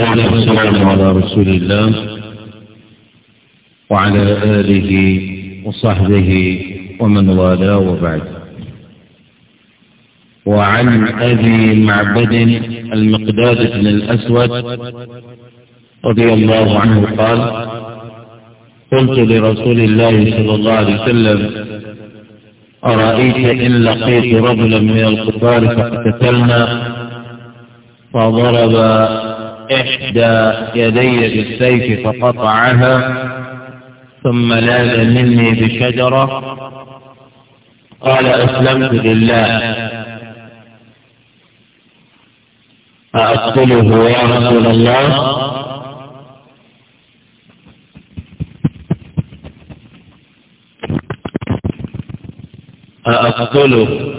والصلاة والسلام على رسول الله وعلى آله وصحبه ومن والاه وبعد وعن أبي معبد المقداد بن الأسود رضي الله عنه قال قلت لرسول الله صلى الله عليه وسلم أرأيت إن لقيت رجلا من الكفار فاقتتلنا فضرب إحدى يدي بالسيف فقطعها ثم لاذ مني بشجرة قال أسلمت لله أأقتله يا رسول الله أأقتله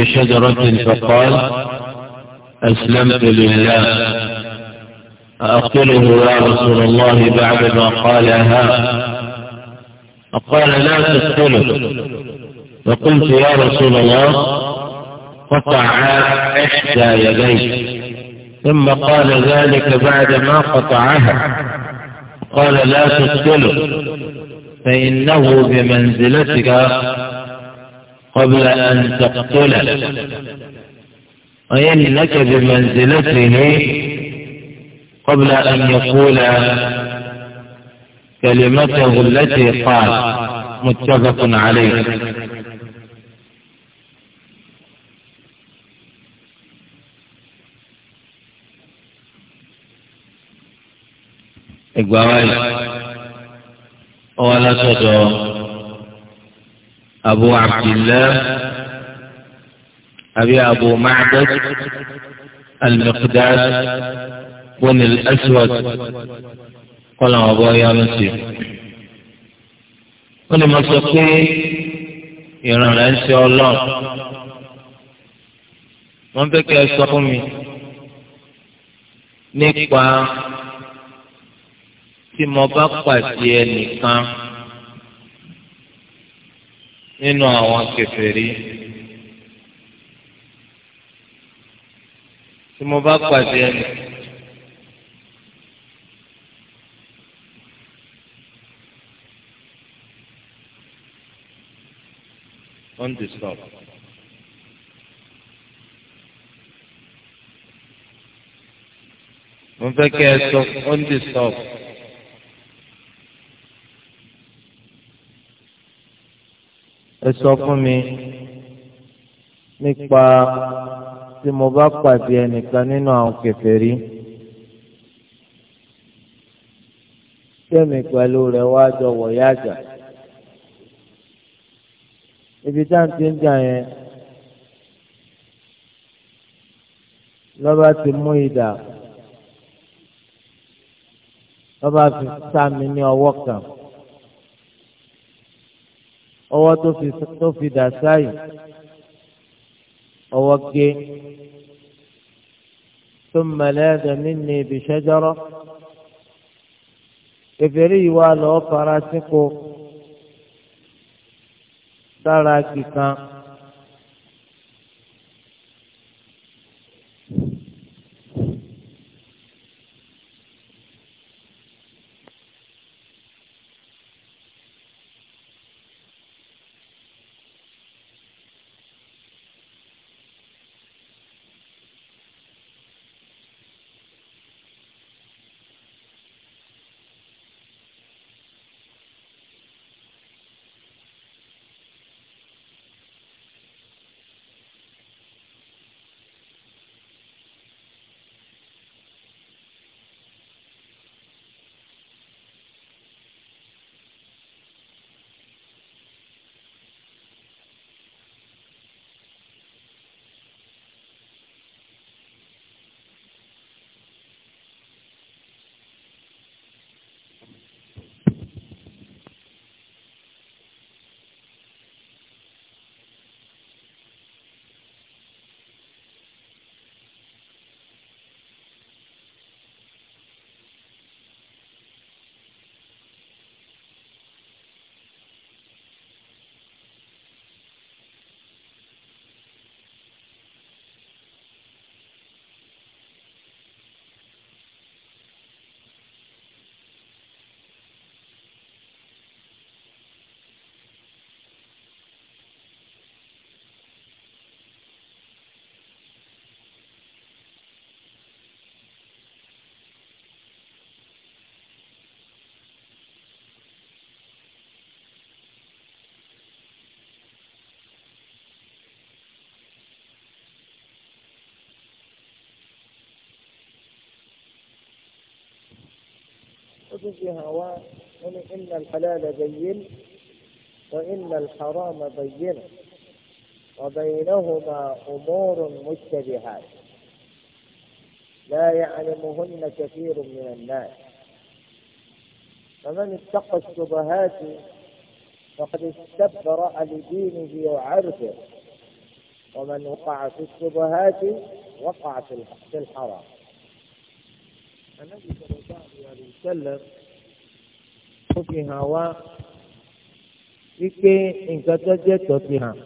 بشجرة فقال أسلمت لله أقله يا رسول الله بعدما قالها فقال لا تقتله فقلت يا رسول الله قطع إحدى يديه ثم قال ذلك بعدما قطعها قال لا تقتله فإنه بمنزلتك قبل أن تقتله وإنك بمنزلته قبل أن يقول كلمته التي قال متفق عليه إقبال ولا تدعو أبو عبد الله أبي أبو معبد المقداد بن الأسود قال أبو يا مسيح wọ́n ní mo sọ pé ìrànlẹ́ ń ṣe ọlọ́run wọ́n fẹ́ kí ẹ sọ fún mi nípa tí mo bá pàdé ẹnìkan nínú àwọn kèfèrí tí mo bá pàdé ẹni undisturbed. mo fẹ́ kí ẹ sọ stop. ẹ sọ fún mi nípa tí mo bá pàdé ẹnìkan nínú àwọn kèfèrí tẹ̀mí pẹ̀lú rẹ̀ wá jọ wọ̀yájà ibi tá à ń ti ń jà yẹn lọ́ba ti mú idà lọ́ba fi sá mi ní ọwọ́ kan ọwọ́ tó fi dà sáyì ọwọ́ gé ثم لاذ مني بشجرة kẹfẹ́rí yìí wá lọ́ọ́ farasíkò sára kíkan. وجزء هواء إن الحلال بين وإن الحرام بين وبينهما أمور مشتبهات لا يعلمهن كثير من الناس فمن اتقى الشبهات فقد استبرأ لدينه وعرضه ومن وقع في الشبهات وقع في الحرام النبي صلى alayhi wa sallam ó fi hàn wá wípé nǹkan tó jẹ́ tọ́ ti hàn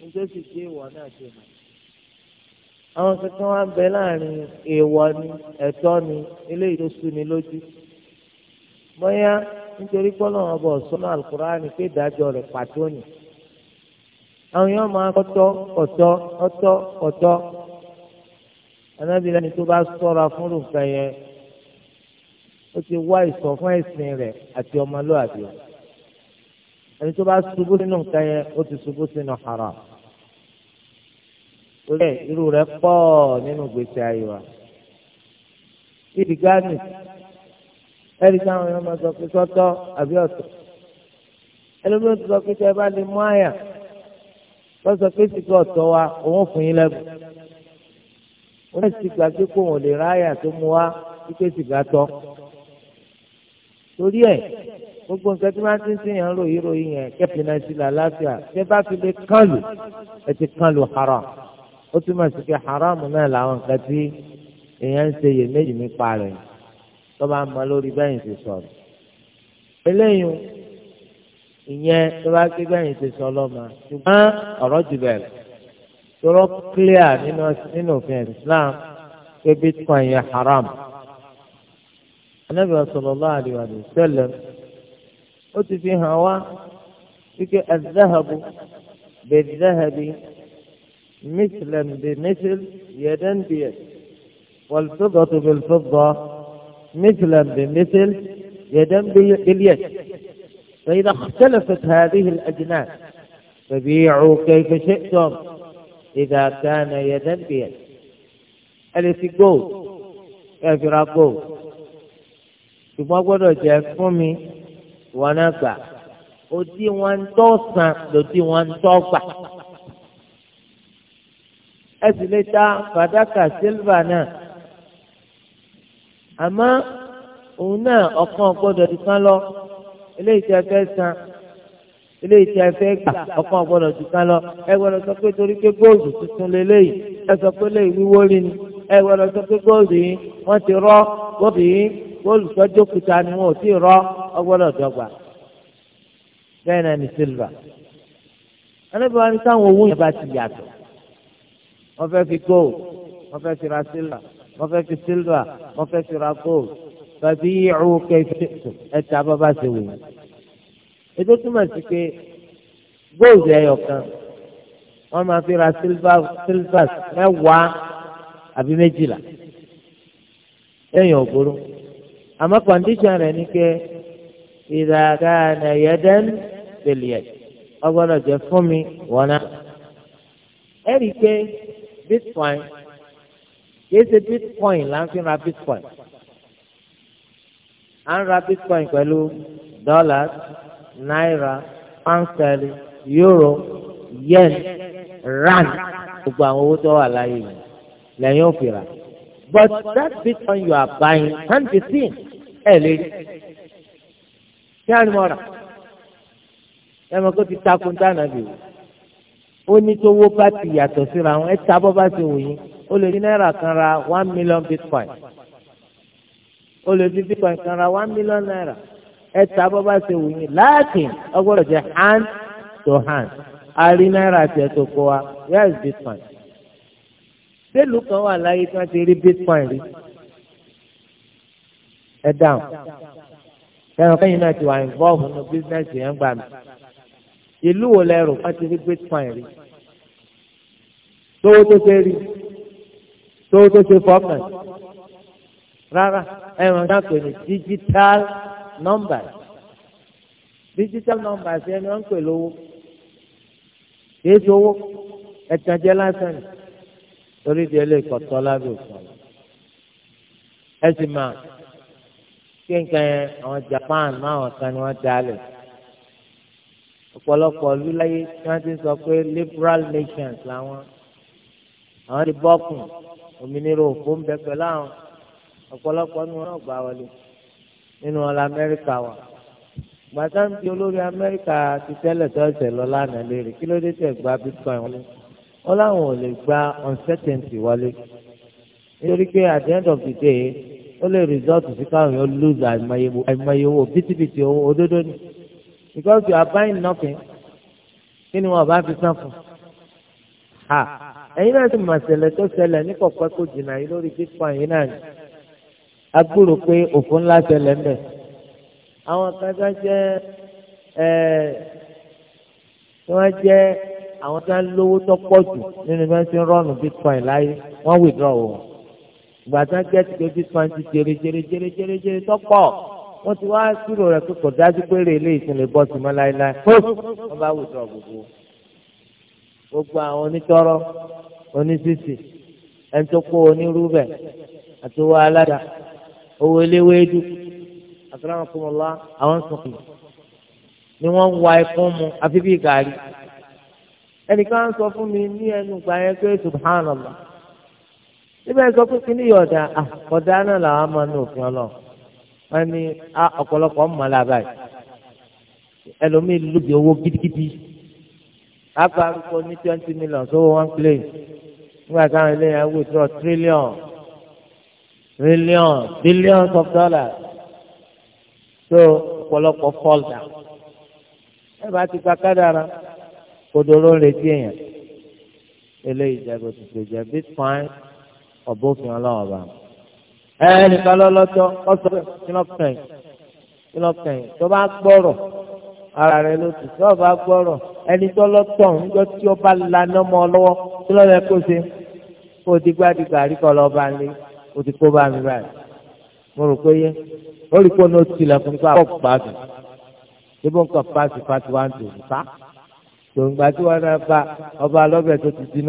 nítorí sì dé ìwọ náà ti hàn àwọn kankan wá ń bẹ láàrin èèwọ̀ ni ẹ̀tọ́ ni eléyìí ó ti wá ìsọ̀ fún ẹ̀sìn rẹ̀ àti ọmọlúwàbí o ẹni tó bá ṣubú sínú nǹkan yẹn ó ti ṣubú sínú haram torí ẹ irú rẹ̀ pọ̀ nínú gbèsè ayé wa ìdí gánì ẹni táwọn èèyàn máa sọ pé sọ́tọ̀ àbí ọ̀tọ̀ ẹlòmíràn ti sọ pé tẹ bá lè mú àyà wọ́n sọ pé sìkú ọ̀tọ̀ wa òun fún yín lẹ́bùn wọ́n sì gbàgbé kó òun lè ráyà tó mú wa wípé sìgá tọ́ torí ẹ̀ gbogbo nǹkan tí wọ́n ti ń sìn yàn ròyìn ròyìn yẹn kẹ́pìnà sí la láfíà bá fi lè kán lù ẹ ti kán lù haram ó túmọ̀ sí pé haram náà làwọn nǹkan tí èèyàn ń ṣe iyèméjì nípa rẹ̀ tó bá mọ lórí bẹ́yìn ti sọ̀rọ̀ eléyìí ìyẹn tó bá gbé bẹ́yìn ti sọ lọ́mọ ṣùgbọ́n ọ̀rọ̀ jù bẹ̀rẹ̀ tọrọ clear nínú òfin Islam pé bitcoin yẹn haram. النبي صلى الله عليه وسلم أتي في هواء فيك الذهب بالذهب مثلا بمثل يدا بيد والفضة بالفضة مثلا بمثل يدا باليد فإذا اختلفت هذه الأجناس فبيعوا كيف شئتم إذا كان يدا بيد أليس جو يا فراق ṣùgbọ́n gbọ́dọ̀ jẹ́ fún mi wọn náà gbà òdì wọn tó san lòdì wọn tó gbà. ẹ sì lè ta fàdákà sílvà náà àmọ́ òun náà ọ̀kan gbọ́dọ̀ dùkan lọ eléyìí tẹ́ fẹ́ san eléyìí tí a fẹ́ gbà ọkàn gbọ́dọ̀ dùkan lọ ẹ gbọ́dọ̀ sọ pé torí pé góòlù tuntun lélẹ́yìí ẹ sọ pé lè wíwó rí ni ẹ gbọ́dọ̀ sọ pé góòlù yìí wọ́n ti rọ́ góòlù yìí góòlù sọ́jọ́ kúta ni wọn ò tí ì rọ́ ọgbọ́dọ̀ dọ́gba bẹ́ẹ̀ náà ni sílvà ẹlẹ́bàá ní sáwọn owó yẹn bá ti yàtọ̀ wọ́n fẹ́ fi gold wọ́n fẹ́ fi ra sílvà wọ́n fẹ́ fi sílvà wọ́n fẹ́ fi ra gold tàbí ìhù kẹfì ẹ̀ta bàbá ṣe wò yìí ètò túmọ̀ sí pé gold ẹyọ kan wọ́n máa fi ra sílvà mẹ́wàá àbí méjìlá ẹ̀yìn ògbóró àmọ́ kọ̀ǹdíṣàn rẹ̀ ni pé ìdàgà nàyẹ́dẹ́n tẹ̀lẹ̀ ọgbọ́dọ̀ jẹ́ fún mi wọ́nà. ẹ rí i pé bitcoin kìí ṣe bitcoin là ń fi ra bitcoin à ń ra bitcoin pẹ̀lú dollars náírà pansẹ́lì euro yen rand gbogbo àwọn owó tó wà láyé yìí lẹ́yìn òfìrà but that bitcoin you are buying can be seen ẹ̀ lé kí á ní mọ́ra ẹ mọ̀ kó ti takun dáná bì wò ó ní tó wó bá ti yàtọ̀ síra wọn ẹ ta bọ́ bá ti wò yín ó lè ní náírà kan ra one million bitcoin ó lè fi bitcoin kan ra one million naira ẹ ta bọ́ bá ti wò yín láàkìn ọgbọ́dọ̀ jẹ́ hand to hand àrí náírà tiẹ̀ tó kọ́ wa where is bitcoin? sẹ́lù kan wà láyé tí wọ́n ti rí bitcoin rí ẹ dáhùn ẹran kẹ́yìn náà ti wà involve nínú bísíǹsì yẹn gbà mí ìlú wo lẹ rò fún ti rí bitcoin rí tówó tó ṣe rí tówó tó ṣe fọkàn rárá ẹran náà pè ní digital numbers digital numbers ẹni wọn ń pè lówó kìí sowó ẹtànjẹ lásán torí di ẹlẹ́kọ̀ọ́ tọ́lá bí òkú ẹ sì máa ṣé nǹkan yẹn àwọn Japan máwọn kan ni wọ́n dalẹ̀ ọ̀pọ̀lọpọ̀ lúláyé tí wọ́n ti sọ pé liberal nations làwọn àwọn ti bọ́kùn òmìnira òfò ń bẹ pẹ̀lú àwọn ọ̀pọ̀lọpọ̀ ni wọ́n gbà wọlé nínú ọ̀la Amẹ́ríkà wa gbàtà ń di olórí Amẹ́ríkà ti tẹ́lẹ̀ tọ́sẹ̀ lọ lánàá léèrè kí ló dé tẹ̀ gba bitcoin wọlé wọ́n láwọn ò lè gba uncertainty wọlé nítorí pé at the end of the day ó lè result sí káwọn yóò lose àìmọye owó bìtìbìtì owó òdodo ni because you are buying nothing kí ni wọn bá fi san fún ha ẹ̀yin náà ti mọ̀ ṣẹlẹ̀ tó ṣẹlẹ̀ ní kọ̀pẹ́ kó jìnnà yìí lórí bitcoin yìí náà ni agbúrò pé òfò ńlá ṣẹlẹ̀ ńbẹ̀ àwọn kankan jẹ́ ẹ̀ wọ́n jẹ́ àwọn tí wọ́n lówó tó pọ̀ jù nínú bí wọ́n ti ń bitcoin láyé wọ́n withdraw wọn gbàtà gẹ́tì lójú kan ti jere jere jere jèrè jèrè tọ́pọ̀ wọ́n ti wá sírò rẹ̀ pé kò dájú pé rè lè sìn lè bọ́ sí mọ́ láéláé wọ́n bá wùdọ̀ gbogbo gbogbo àwọn onítọ́rọ́ onísìsì ẹni tó kó onírúbẹ̀ àti owó alága owó eléwédú àtàlámọ̀kọ́mọ́lá àwọn sọ̀kùn ni wọ́n ń wa ẹkún mu àfi bíi gàrí ẹnìkan sọ fún mi ní ẹnu gbà yẹn pé subhanallah síbẹ̀ sọ pé kí ni yọ̀ọ̀dà ah, ọ̀dà náà làwọn máa ní òfin ọlọ́ wọn ni ọ̀pọ̀lọpọ̀ ń mọ̀ lába yìí ẹlòmíì lùbí owó gidigidi apárúkọ ní twenty million sówó one plane nígbà táwọn ilé yẹn withdraw trillion trillion billions of dollars so ọ̀pọ̀lọpọ̀ fall down ẹ bá ti gba kádàrà kòdòrò ń retí èèyàn eléyìí jẹ́ bó ti ṣe jẹ́ bitcoin ọ̀bọ̀fin ọlọ́wọ́ bá ẹnìkan lọ́lọ́tọ́ ọ̀sọ̀ kìlọ̀kẹ́yìn kìlọ̀kẹ́yìn tó bá gbọ́rọ̀ ara rẹ ló tù tó bá gbọ́rọ̀ ẹni tó lọ́tọ̀ ńjọ́ tí ó bá laná mọ́ ọ lọ́wọ́ tó lọ́lọ́ kó ṣe kó digbadigba àríkọ́ lọ́ bá lé o ti kó bá mi báyìí mo rò pé yé ó rí kó ní o tilẹ̀ fún nípa àpò gbàdùn síbò ń kàn pàṣẹ pàṣẹ wá ń tò nípa tòǹgbà tí wọn náà bá ọba lọ́bẹ̀ tó ti dín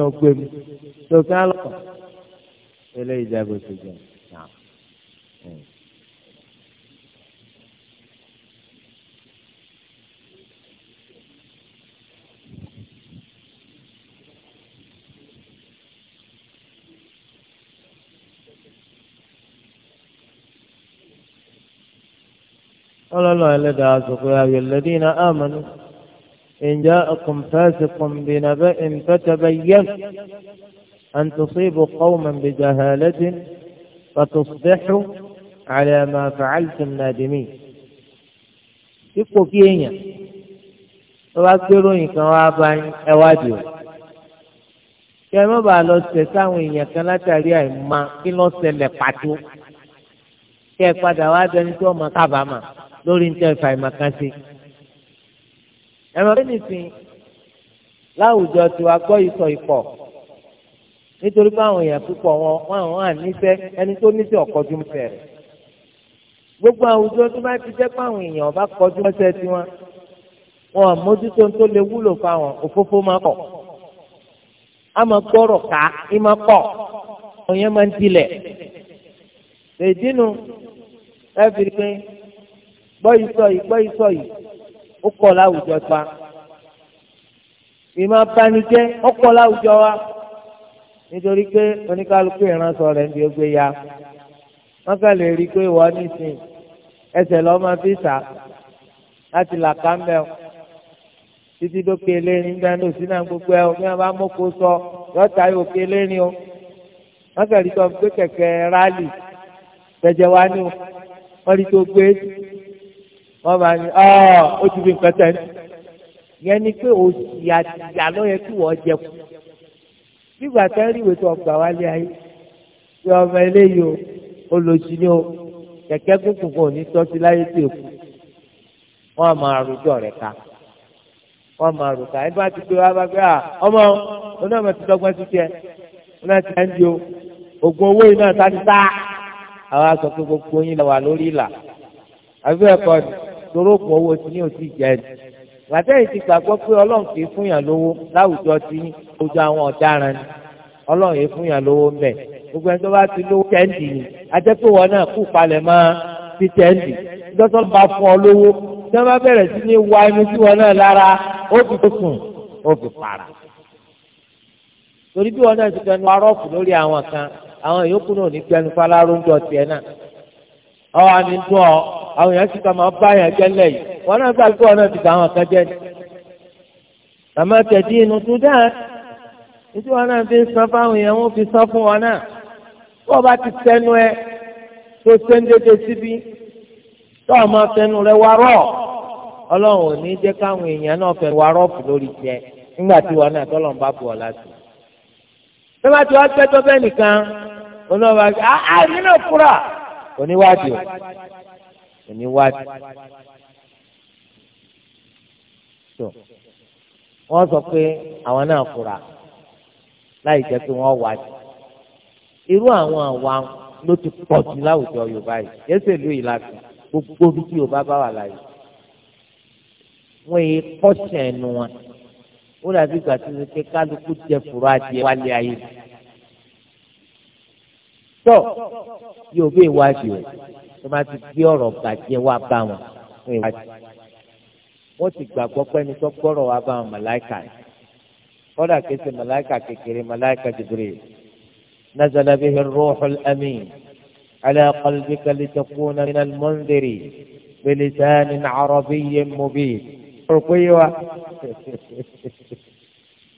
إليه jẹ́ bó نعم إيه. قال الله الذي أسقوا يا الذين آمنوا إن جاءكم فاسق بنبأ فتبين أن تصيبوا قوما بجهالة فتصبحوا على ما فعلتم نادمين ipò kí èèyàn tó bá gbérò nǹkan wá bá ẹwádìí o kí ẹ má bàa lọ sẹ sáwọn èèyàn kan látàrí àìmọ̀ kí lọ ṣẹlẹ̀ pàtó kí ẹ padà wá dẹni tí ọmọ kábàámà lórí ń tẹ ìfà ìmọ̀kan sí. ẹ mọ̀ pé nìsín láwùjọ tiwa gbọ́ ìsọ̀ ìpọ̀ nítorí pé àwọn èèyàn púpọ̀ wọn wọn àwọn àníṣẹ́ ẹni tó níṣẹ́ ọ̀kọ́jú ń fẹ̀ rẹ̀ gbogbo àwùjọ tó bá ti jẹ́ pé àwọn èèyàn ọba kọjú ọsẹ tiwọn wọn àmójútó tó lè wúlò fáwọn òfófó máa kọ̀ á máa gbọ́rọ̀ ká í máa kọ̀ òyìn máa ń dilẹ̀ lèdínú ẹ pé gbọ́ ìsọ yìí gbọ́ ìsọ yìí ó kọ̀ láwùjọ pa ìmọ̀ abanijẹ́ ó kọ̀ láwùjọ wa nítorí pé oníkálukú ìránṣọ rẹ̀ ń di ogbe ya wọ́n kàn lè rí i pé wọ́n nísìn ẹsẹ̀ lọ́ máa fi sà láti là kámbẹ́ o títí dókè eléyìn gbẹ́ ní òsínà gbogbo ẹ o bí wọ́n bá mọ́kò sọ yọ̀ọ́ta yóò ké eléyìn o wọ́n kàn rí i tó gbé kẹ̀kẹ́ rálì tẹ̀jẹ̀ wá ní o wọ́n rí i tó gbé wọ́n bá ní ọ́ ó ti fi nǹkan tẹ̀ ní. yẹn ni pé òsì àtìyà ló yẹ kí wọ́n jẹ kù nígbà tẹ́ rí ìwé tó ọgbà wálé ayé tí ọmọ eléyìí o olójì ni o kẹ̀kẹ́ kúkú kò ní tọ́sí láyé tó kù wọ́n á máa rojọ́ rẹ̀ ká wọ́n á máa rò ká ẹni bá ti gbé wá bá gbé à ọmọ oní ti dọ́gbọ́n sí tiẹ̀ oní àti ẹni o oògùn owó iná ta ti ta àwọn aṣọ gbogbo yín lọ wà lórí ìlà àbí ẹ̀kọ́ ni torókùn owó ti ní òsì jẹ́ ẹni gbàtẹ́yìn ti gbàgbọ́ pé ọlọ́run kì í fún lówó láwùjọ tí ojú àwọn ọ̀daràn ni ọlọ́run yìí fún lówó ń bẹ̀ gbogbo ẹni tó bá ti lówó tẹ́ǹdì ni ajẹ́pẹ́ wọn náà kú palẹ̀ mọ́ sí tẹ́ǹdì dọ́tọ́ bá fún ọ lówó tí wọ́n bá bẹ̀rẹ̀ sí ní wá inú sí wọn náà lára ó fi sùn ó fi para torí bí wọn náà ti fẹnu arọ́ọ̀fù lórí àwọn kan àwọn yòókù náà ní gbẹnu faláró ń jọ tiẹ̀ náà àwọn àníjọ́ àwọn èèyàn sì kà wọn náà gbà pé ọ̀nà ti bá àwọn kan jẹ́ ni. màmá tẹ̀dí inú tún dáa nítorí wọn náà fi ń san fáwọn èèyàn wọn fi san fún wọn náà bó o bá ti sẹ́nu ẹ tó sẹ́ńdédé síbí tó o máa fẹnu rẹ wá rọ̀ ọlọ́run ò ní jẹ́ káwọn èèyàn náà fẹ́ wá fún lórí tiẹ̀ nígbà tí wọn náà tọ́lọ̀ ń bá bù láti. bí wọ́n ti wá tẹ́tọ́ bẹ́ẹ̀ nìkan oníwàbá àá nínú fúra oníwádìí oníwádìí so wọ́n sọ pé àwọn náà fura láì jẹ́ pé wọ́n wá jù irú àwọn àwa ló ti pọ̀ jù láwùjọ yorùbá yìí yẹ́sẹ̀ lóyè láti gbogbo bí tí yorùbá bá wà láyé wọ́n yé kọ́ṣẹ̀ ẹnu wọn ó dàbí ìgbà tó ṣe pé kálukú jẹ fùrọ̀ adìẹ wálé ayé tọ́ yorùbá ìwádìí o tó máa ti gbé ọ̀rọ̀ bàjẹ́ wá bá wọn fún ìwádìí wọ́n sì gbàgbọ́ pé ẹni tó gbọ́rọ̀ wá bá àwọn màláìkà yìí kọ́dà kése màláìkà kékeré màláìkà Jibril nazala bihi ruuxul amiin ala qalbika litakuna minal mundiri bilisanin carabiyyin mubiin. o kò yé wa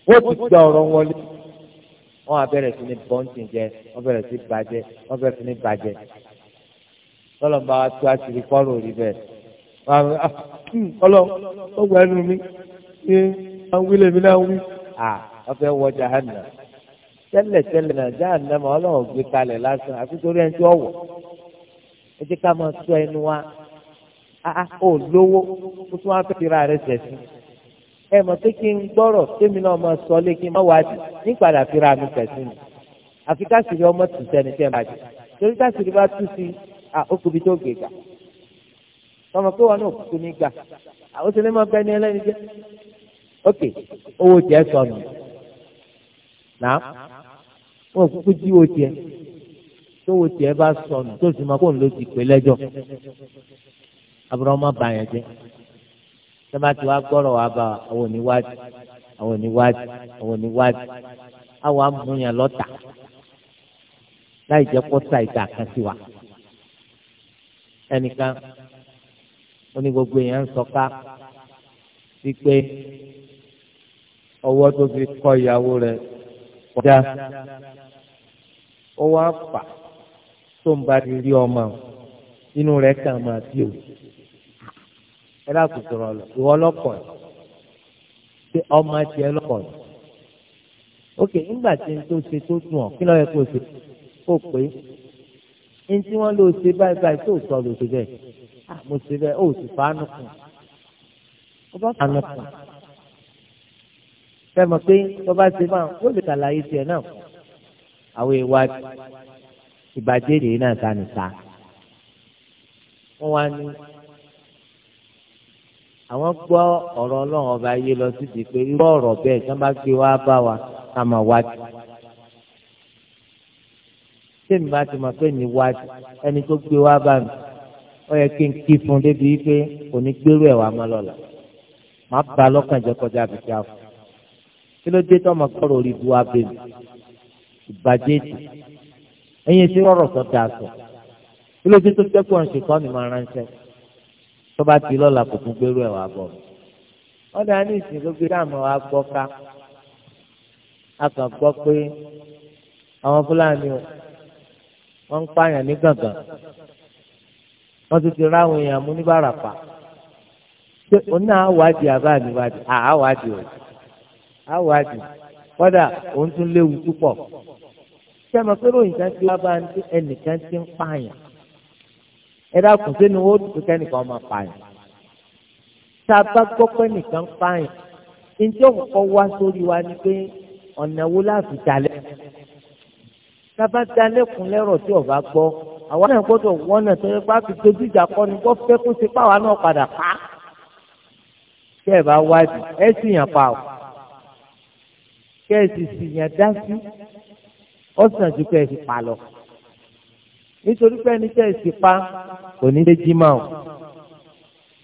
wọ́n ti gba ọ̀rọ̀ wọlé wọ́n abẹ́rẹ́ sí ní bọ́ǹtì jẹ wọ́n bẹ̀rẹ̀ sí bàjẹ́ wọ́n bẹ̀rẹ̀ sí ní bàjẹ́ tọ́lọ́mọba tó àṣírí kọ́rọ̀ rí bẹ́ẹ̀. Ah, hmm, ọlọ́gbà ẹnu mi ṣé awílẹ̀ mi náà wí ọfẹ wọ jahanna tẹ́lẹ̀ tẹ́lẹ̀ náà jahanna ma Ọlọ́run gbé kalẹ̀ lásán àfi torí ẹni tí ó wọ ẹ jẹ ká máa sọ ẹnu wa ah, ah, ó lówó ó tún wá fẹ́ fi ra rẹ sẹ̀sì ẹ mọ̀ pé kí n gbọ́rọ̀ tèmi náà máa sọ lé kí n má wá jù nípadà fi ra mi sẹ̀sì ni àfi káṣíìrì ọmọ tù sẹ́ni tẹ́ ń bàjẹ́ torí káṣíìrì bá tù sí ó kúbi tó gbègbà tọmọ pé wọn náà kúkú ní gbà àwọn tí lè máa bẹ ní ẹlẹ́ni jẹ́ ok owó jẹ́ sọnù nà wọn kúkú jí owó jẹ tówó tiẹ̀ bá sọnù tó sì máa kó ń lo ti pè lẹ́jọ́ abúlé ọmọ bá yẹn jẹ́ sábà tí wàá gbọ́rọ̀ wàá bá àwọn oníwádìí àwọn oníwádìí àwọn oníwádìí àwọn amúyàn lọ́tà láì jẹ́ kó ta kan sí wa ẹnìkan ó ní gbogbo èèyàn ń sọká sí pé ọwọ́ tó fi kọ́ ìyàwó rẹ̀ kọjá ó wá fà tó ń bá ti rí ọmọ inú rẹ̀ kàn máa bí o ẹ láti sọ̀rọ̀ lọ ìwọ lọ́kọ̀ ẹ̀ pé ọmọ tiẹ̀ lọ́kọ̀ ẹ̀ ok ńgbà tí n tó ṣe tó dùn ọ́ kí lọ́ọ́ kó ṣe kó pé n tí wọ́n lò ṣe báyìí báyìí tó sọ lò ṣe bẹ́ẹ̀. Ah, mo ṣe bẹ́ẹ̀ ó sì fàánù kù ó bá fàánù kù fẹ́ mọ̀ pé tó bá ṣe máa ó lè ṣàlàyé tiẹ̀ náà àwọn ìwádìí ìbàjẹ́ èdè náà ta nìta wọ́n wá ní àwọn gbọ́ ọ̀rọ̀ ọlọ́run ọba yé lọ síbi pé irú ọ̀rọ̀ bẹ́ẹ̀ tí wọ́n bá gbé wá bá wa ká máa wádìí sẹ́mi bá ti mọ̀ pé ní wádìí ẹni tó gbé wá bá mi ó yẹ kí n kí fún débi wípé kò ní gbérú ẹ̀ wá má lọ́la má ba lọ́kàn jẹ́ kọjá àbíkí àfọ kí ló dé tọmọ kọrọ orí bu abẹ́mi ìbàjẹ́ ètò ẹ̀yin tí rọrọ̀ sọ da sọ kí ló dé tó tẹ́kọ̀ọ́ ń ṣèkọ́ ni máa ránṣẹ́ tó bá ti lọ́la kò tún gbérú ẹ̀ wá bọ̀ wọ́n dá ní ìsìn gbogbo dáàmú wa gbọ́ ká a kàn gbọ́ pé àwọn fúlàní o ń pààyàn ní gàngàn wọ́n ti ti ráwọn èèyàn mú ní bàràpà ṣé oní àwádìí àbá àníwádìí àwádìí o àwádìí kọ́dà òun tún léwu púpọ̀ ṣé ẹ mọ̀ pé ròyìn kan ti wá bá ẹnìkan ti ń pààyàn ẹ dákun sínú ó dùn kẹ́nìkan máa pààyàn tá a bá gbọ́ pé nìkan ń pààyàn njẹ́ òkùnkọ́ wá sórí wa ni pé ọ̀nà wo láti dalẹ̀ tá a bá dalẹ̀kùn lẹ́rọ̀ tí ọba gbọ́ àwọn náà gbọ́dọ̀ wọ́n náà tó yẹ pé àti dojú ìjà kọ́ ni wọ́n fẹ́ kó ṣe páwa náà padà pa kẹ́ ẹ̀ bá wádìí ẹ̀ sì yàn pa ọ́ kẹ́ ẹ̀ sì sì yàn dá sí ọ̀sán ju kẹ́ ẹ̀ sì pa lọ nítorí pé ẹni tẹ́ ẹ̀ sì pa kò ní lè jí máa o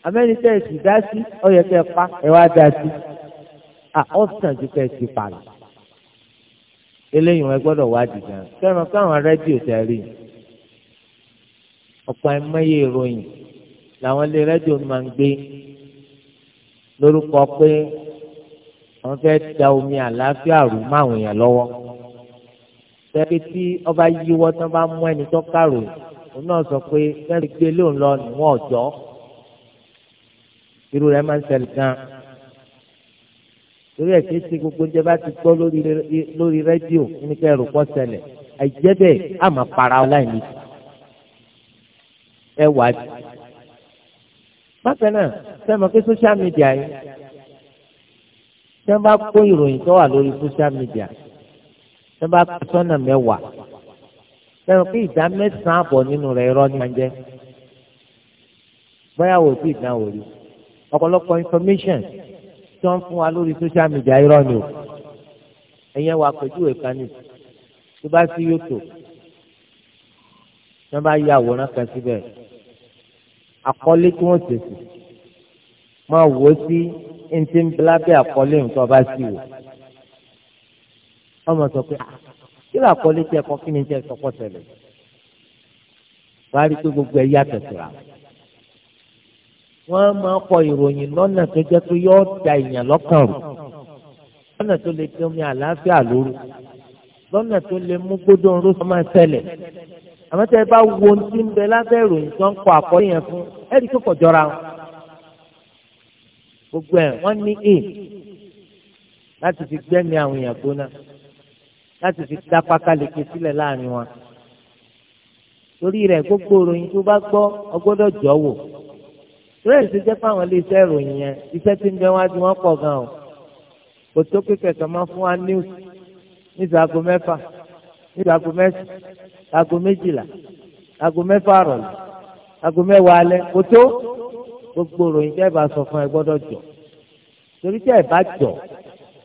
amẹ́ni tẹ́ ẹ̀ sì dá sí ó yẹ kẹ́ ẹ pa ẹ wá dá sí ọ̀sán ju kẹ́ ẹ̀ sì pa lọ eléyìí wọn gbọ́dọ̀ wádìí gan kẹ́ran káwọn rẹ́díò tẹ̀ rí i ọ̀pọ̀ ẹ̀mọ́yé ìròyìn làwọn ilé rẹ́díò máa ń gbé lórúkọ pé wọ́n fẹ́ da omi àlàáfíà rú máwọn èèyàn lọ́wọ́ tẹ́lẹ̀ tí ọba yíwọ́ tán bá mú ẹni tó kàrò òun náà sọ pé fẹ́ẹ́ gbé lóun lọ níwọ̀n ọ̀jọ́ irú rẹ̀ máa ń ṣẹlẹ̀ gan torí ẹ̀ kí gbogbo oúnjẹ bá ti gbọ́ lórí rédíò ní kẹ́rù kọ́ ṣẹlẹ̀ ẹ̀jẹ̀ bẹ́ẹ̀ àmọ́ para ọláìní ti ẹ wà á di. bákan náà sẹ́mi pé social media yìí sẹ́mi bá kó ìròyìn tó wà lórí social media sẹ́mi bá kó sọ́nà mẹ́wàá sẹ́mi pé ìdá mẹ́sàn-án àbọ̀ nínú rẹ̀ irọ́ ni máa ń jẹ́ bóyá wò sí ìdáwò rí ọ̀pọ̀lọpọ̀ information tí wọ́n fún wa lórí social media irọ́ ni o ẹ̀yẹ́ wa pẹ̀lú ìkànnì tó bá sí YouTube tí wọ́n bá yí àwòrán kan síbẹ̀ àkọlé tí wọ́n tẹ̀sí máa wò ó sí ntí ń lábẹ́ àkọlé nǹkan bá sí wò ọmọ sọ pé ah, kí ló àkọlé tí ẹ kọ kí ni tí ẹ sọ pọ̀ tẹ̀lé wàá rí i pé gbogbo ẹ yá tẹ̀síra wọ́n máa kọ ìròyìn lọ́nà tó jẹ́ pé yóò da èèyàn lọ́kàn rù lọ́nà tó lè dé omi àlàáfíà lóru lọ́nà tó lè mú gbódò ń ró sọ́mọ́ àmọ́ tẹ́ ẹ bá wo ohun tí ń bẹ lábẹ́ ìròyìn tó ń kọ àkọ́lé yẹn fún ẹ rí kókò jọra wọn. gbogbo ẹ̀ wọ́n ní e láti fi gbẹ́mí àwọn èèyàn gbóná láti fi dá pákáleke sílẹ̀ láàrin wọn. torí rẹ̀ gbogbo ìròyìn tó bá gbọ́ ọgbọ́dọ̀ jọ wò. torí ẹ̀ ti jẹ́ fáwọn iléeṣẹ́ ìròyìn yẹn iṣẹ́ tí ń bẹ wájú wọn pọ̀ gan o. kò tó kékeré kan máa fún wa news ní ìsàgó mẹ́fà ní ìsàgó mẹ́sàn aago méjìlá aago mẹ́fà rọ̀lẹ́ aago mẹ́wàá alẹ́ kò tó gbogbo ròyìn tẹ́ bá sọ fún ẹ gbọ́dọ̀ jọ torí tẹ́ ẹ bá jọ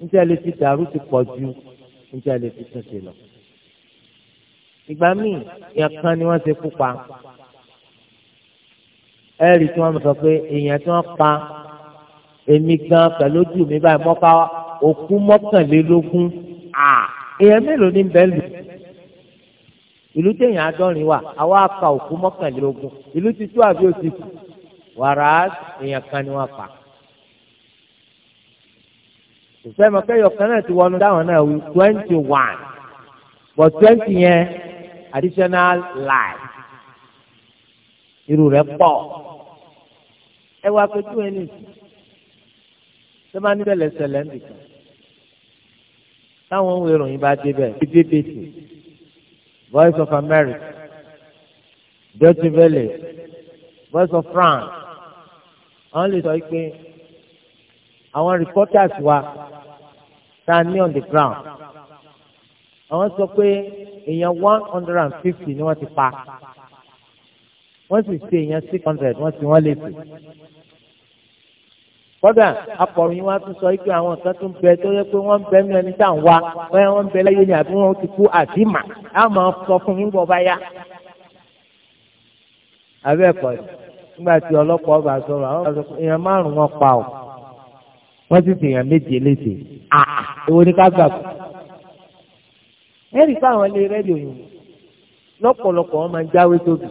níta lè ti dàrú ti pọ̀ ju níta lè ti tún ṣe lọ. ìgbà míì èèyàn kan ni wọ́n ti kú pa ẹ rí tí wọ́n sọ pé èèyàn tí wọ́n pa èmi gan pẹ̀lú ojú mi báyìí mọ́ká òkú mọ́kànlélógún à èèyàn mélòó ní bẹ́ẹ̀ lù ìlú téèyàn àádọ́rin wà àwa ka òkú mọ́kànlélógún ìlú ti tú àbí òsì kù wàrà èèyàn kan ni wọ́n pa. ìfẹ́mọ̀ kẹ́yọ̀ kan náà ti wọnú dáhùn náà wí twenty one but twenty yẹn additional life irú rẹ̀ pọ̀ ẹ wá pé two ẹni ṣé máa níbẹ̀ lẹ́sẹ̀ lẹ́ńdì kan táwọn ohun èròyìn bá débẹ̀ bíbí bèsì. Voice of America Deutsche Welle Voice of France àwọn lè sọ pé àwọn reporters wa Stand me on the ground àwọn sọ pé èèyàn one hundred and fifty ni wọ́n ti pa wọ́n sì ṣe èèyàn six hundred wọ́n sì wọ́n lè sè kódà akọ̀ròyìn wa tún sọ pé àwọn kan tún bẹ tó yẹ pé wọ́n bẹ mí ẹni tá à ń wa bóyá wọ́n bẹ lẹ́yìn ní àbí wọ́n ti kú àdìmà á máa sọ fún yín bọ́ bá yá. abẹ́ ẹ̀kọ́ nígbà tí ọlọ́pàá ọba sọ̀rọ̀ àwọn ọba èèyàn márùn-ún wọn pa ọ́ wọ́n sì fèèyàn méje léṣe àà èwo ni ká gbà kú. ẹ̀rí káwọn ilé rẹ́díò yìí lọ́pọ̀lọpọ̀ wọn máa ń jáwé tóbi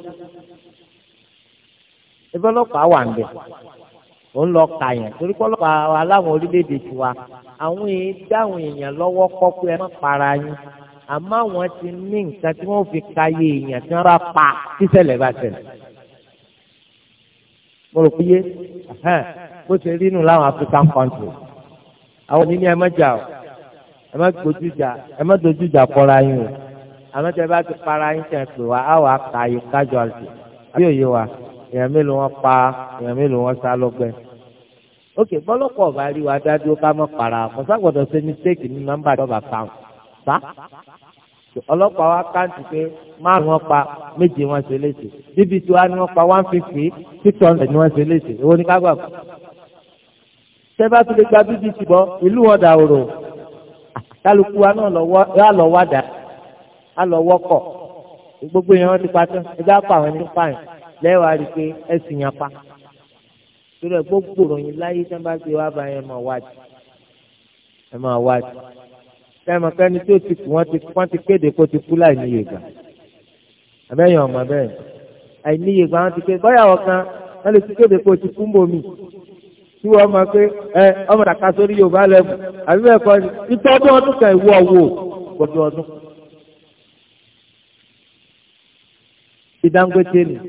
ìfọlọ́pàá wà ń bẹ̀ òun lọ kà yẹn torí pọ́lọ́pàá wa láwọn orílẹ̀-èdè tiwa àwọn èèyàn dáhùn èèyàn lọ́wọ́ kọ́ pé ẹ má para yín àmọ́ àwọn ti ní nǹkan tí wọ́n fi kàyé èèyàn tí wọ́n bá pa tíṣẹ̀lẹ̀ bá ṣẹlẹ̀. mo rò péye bó ṣe rí nù láwọn African countries àwọn oníní ẹ má jà o ẹ má gbójú jà ẹ má dojú jà kọ́ra yín o àmọ́ tẹ bá ti para yín tẹ̀ pé wá àwọn àkàyè casualty àbí òye wa èèyàn mélòó wọn pa èèyàn mélòó wọn sá lọ́gbẹ́ẹ́ ok bọ́lọ́kọ̀ ọ̀bá rí wa dájú ká mọ́ para kọ́sá gbọ́dọ̀ ṣe mistake ní nọ́mbà dọ́bà kan fa ọlọ́pàá wa káǹtì pé márùn wọn pa méje wọn ṣe léṣe bíbí tí wọn ni wọn pa one fifty six hundred ni wọn ṣe léṣe èwo ni ká gbà fún. sẹ́fà tó lè gba bíbí ti bọ́ ìlú wọn dà òrò kálukú wa náà yà lọ wá dà á lọ wọ́kọ̀ gbogbo yẹn wọ́n ti pa tán ẹgbẹ́ àpò àwọn ẹni tó pààyàn lẹ́wàá rí i pé ẹ̀sìn yẹn pa torí ẹ gbogbo ròyìn láyé tí wọn bá ti wá báyẹn máa wádìí ẹ máa wádìí sẹ́mi kẹ́ni tó ti kú wọ́n ti wọ́n ti kéde kó ti kú láì níye gbà àbẹ́yẹn ọmọ bẹ́ẹ̀ àìníye gbà wọ́n ti kéde bọ́yàwó kan wọ́n lè ti kéde kó ti kú mbomi tí wọ́n máa pé ẹ ọmọ dàka sórí Yorùbá lẹ́mù àbí bẹ́ẹ̀ kọ́ ni ìtọ́jú ọdún kan ìwú ọwọ́ gbọdọ̀ ọdún. ìdáǹgbé tẹ́lẹ̀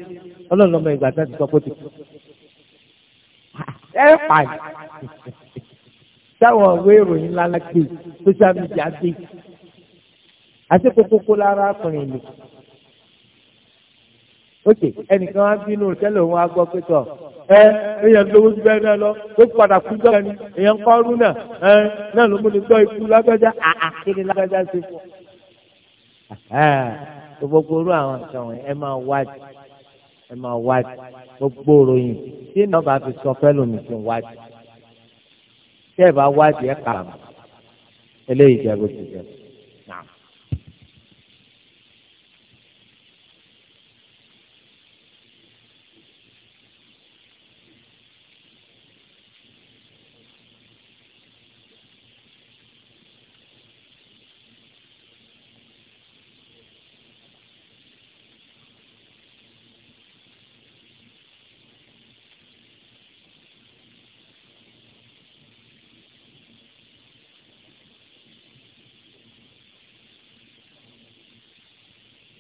ọlọ́run ọmọ ìgbà tá ti ti kú ẹ pààyàn táwọn ìwé ìròyìn ńláńlá gbé social media gbé àti kókókó lára ọkùnrin lò ok ẹnìkan wá bínú tẹ́lẹ̀ òun á gbọ́ pé tọ̀ ẹ èèyàn lówó ju bẹ́ẹ̀ náà lọ ó padà kú jọ́ ni èèyàn kọ́ ọdún náà ẹ náà ló mú ni gbọ́ ikú lágbájá àà kí ni lágbájá ṣe fún gbogbo orú àwọn nǹkan wọn ẹ máa wádìí ẹ máa wádìí gbogbo òròyìn tí èèyàn bá fi sọ fẹ́ lómi tó ń wádìí tẹ́ ẹ bá wádìí ẹ kàrà mọ́ eléyìí jẹ́ bó ti jẹ́ bó.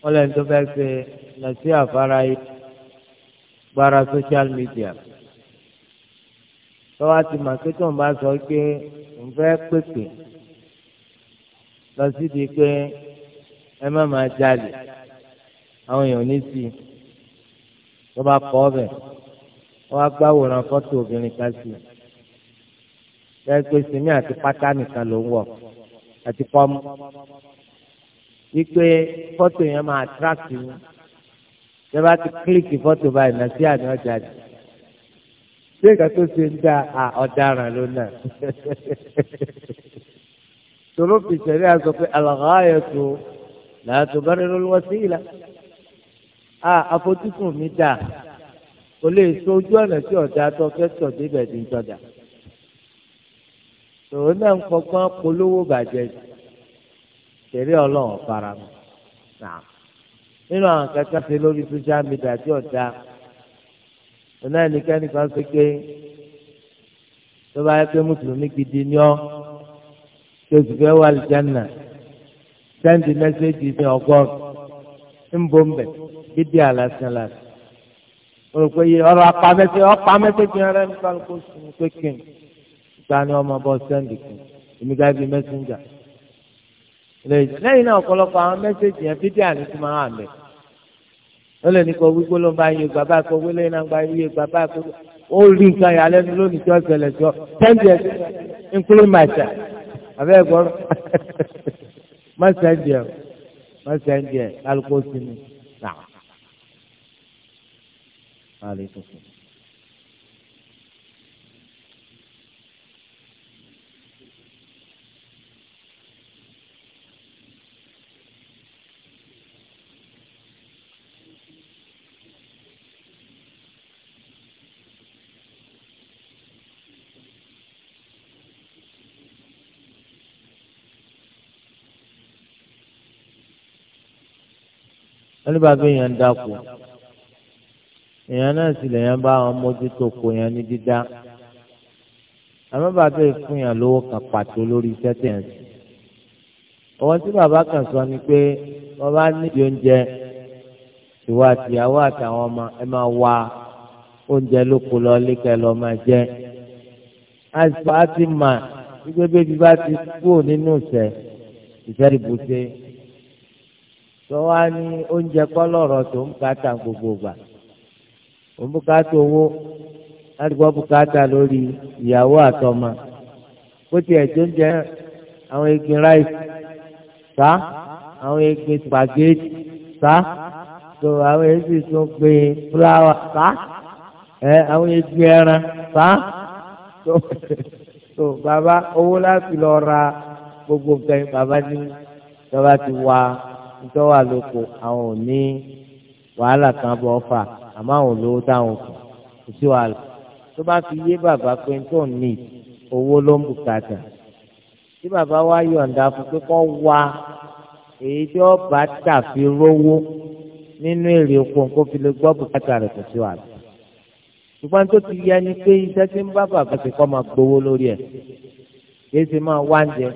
wọ́n lẹ́nu tó fẹ́ ṣe nàṣí àfárá yìí gbára social media tọ́wá ti mà pé tóun bá sọ pé òun fẹ́ pèpè lọ sí di pé ẹ má máa jalè àwọn èèyàn ní sí i tó bá kọ́ ọ̀bẹ̀ wọ́n á gbáwòrán fọ́tò obìnrin kan sí i fẹ́ pé sinmi àti pátá nìkan ló ń wọ̀ àti pọ́mú wípé fọ́tò yẹn máa attract yín ṣé bá ti kílíkì fọ́tò báyìí náà sí àná jáde ṣé ìgbà tó ṣe ń dá ọ̀daràn ló náà tòró fi ṣẹ̀rí àṣọ pé al-ghayatu la tubarriru al-wasila àfojúsùn mi dà kò lè so ojú ọ̀nà tí ọ̀dà tó fẹ́ sọ̀ débẹ̀ ní tòun náà ń kọ́gbọ́n polówó bàjẹ́ yìí ṣẹ̀rí ọlọ́run fara mọ́ náà nínú àwọn kẹta ṣe lórí social media tí ọ̀dà ọ̀nà ẹnikẹ́ni kan ṣe pé tó bá yẹ pé mùsùlùmí gidi ni ọ́ tó sì fẹ́ wà lìjánà sẹ́ndì mẹ́sẹ́jì ní ọgọ́rùn-ún ń bọ́ mbẹ́ gidi àlàsàn làsàn olùkọ́ yìí ọ̀rọ̀ apamẹ́sẹ̀ ọ̀pamẹ́sẹ̀jì rẹ̀ ń kálukú sùn pé kí n ìgbà ni ọmọ bọ́ sẹ́ndì kù èmi gáà bíi lẹ́yìn náà ọ̀pọ̀lọpọ̀ àwọn mẹ́sẹ̀gì yẹn fídíà ní ti máa hàn mẹ́ ó lè ní kó wí gbólóńgbà yín gbà báyìí kó wí lẹ́yìn náà gbà yín gbà báyìí kó ó rí nǹkan ìyàlẹ́nu lónìí tí ó ṣẹlẹ̀ jọ ten years including myself abẹ́ ẹ̀gbọ́n má sẹ́ndì ẹ̀ má sẹ́ndì ẹ̀ kálukó sí mi náà. wọ́n ní bàbá èèyàn ń dáko èèyàn náà sì lèèyàn bá wọn mójútó ko yẹn ní dídá àmọ́ bàbá yìí fún yàn lówó kan pàtó lórí iṣẹ́ tẹ̀ ń sùn tí bàbá kan sọ ni pé wọ́n bá nídìí oúnjẹ ìwà àtìyàwó àtàwọn ọmọ ẹ máa wá oúnjẹ lóko lọ lékẹ́ lọ máa jẹ àìsàn á gbígbé bébí bá ti kúrò nínú ìṣẹ́ ìṣẹ́ ìbùsẹ̀ sọ wá ní oúnjẹ kọ́lọ́rọ̀ tó ń bùkátà gbogbo gbà ó ń bùkátà owó láti gbọ́ bùkátà lórí ìyàwó àtọmọ bó tiẹ̀ tó ń jẹ àwọn egin ráìsì sá àwọn egin spaghetti sá tó àwọn èsì tó ń gbin fúláwà sá ẹ àwọn egin ẹran sá tó tó bàbá owó láti lọ ra gbogbo nǹkan bàbá ní bàbá ti wá ìjọ wà lóko àwọn ò ní wàhálà kan bọ̀ fà àmọ́ àwọn olówó táwọn kù kò sí wàhálà tó bá fi yé bàbá pé tó ń ní owó ló ń bùkátà tí bàbá wa yọ̀ǹda fún pé kọ́ wa èyí tí ó bá tà fi rówó nínú èrè oko kó fi lè gbọ́ bùkátà rẹ̀ kò sí wàhálà ṣùgbọ́n tó ti yẹ ni pé iṣẹ́ tí ń bá bàbá ti kọ́ máa gbowó lórí ẹ̀ kí ẹ ti máa wá ń jẹ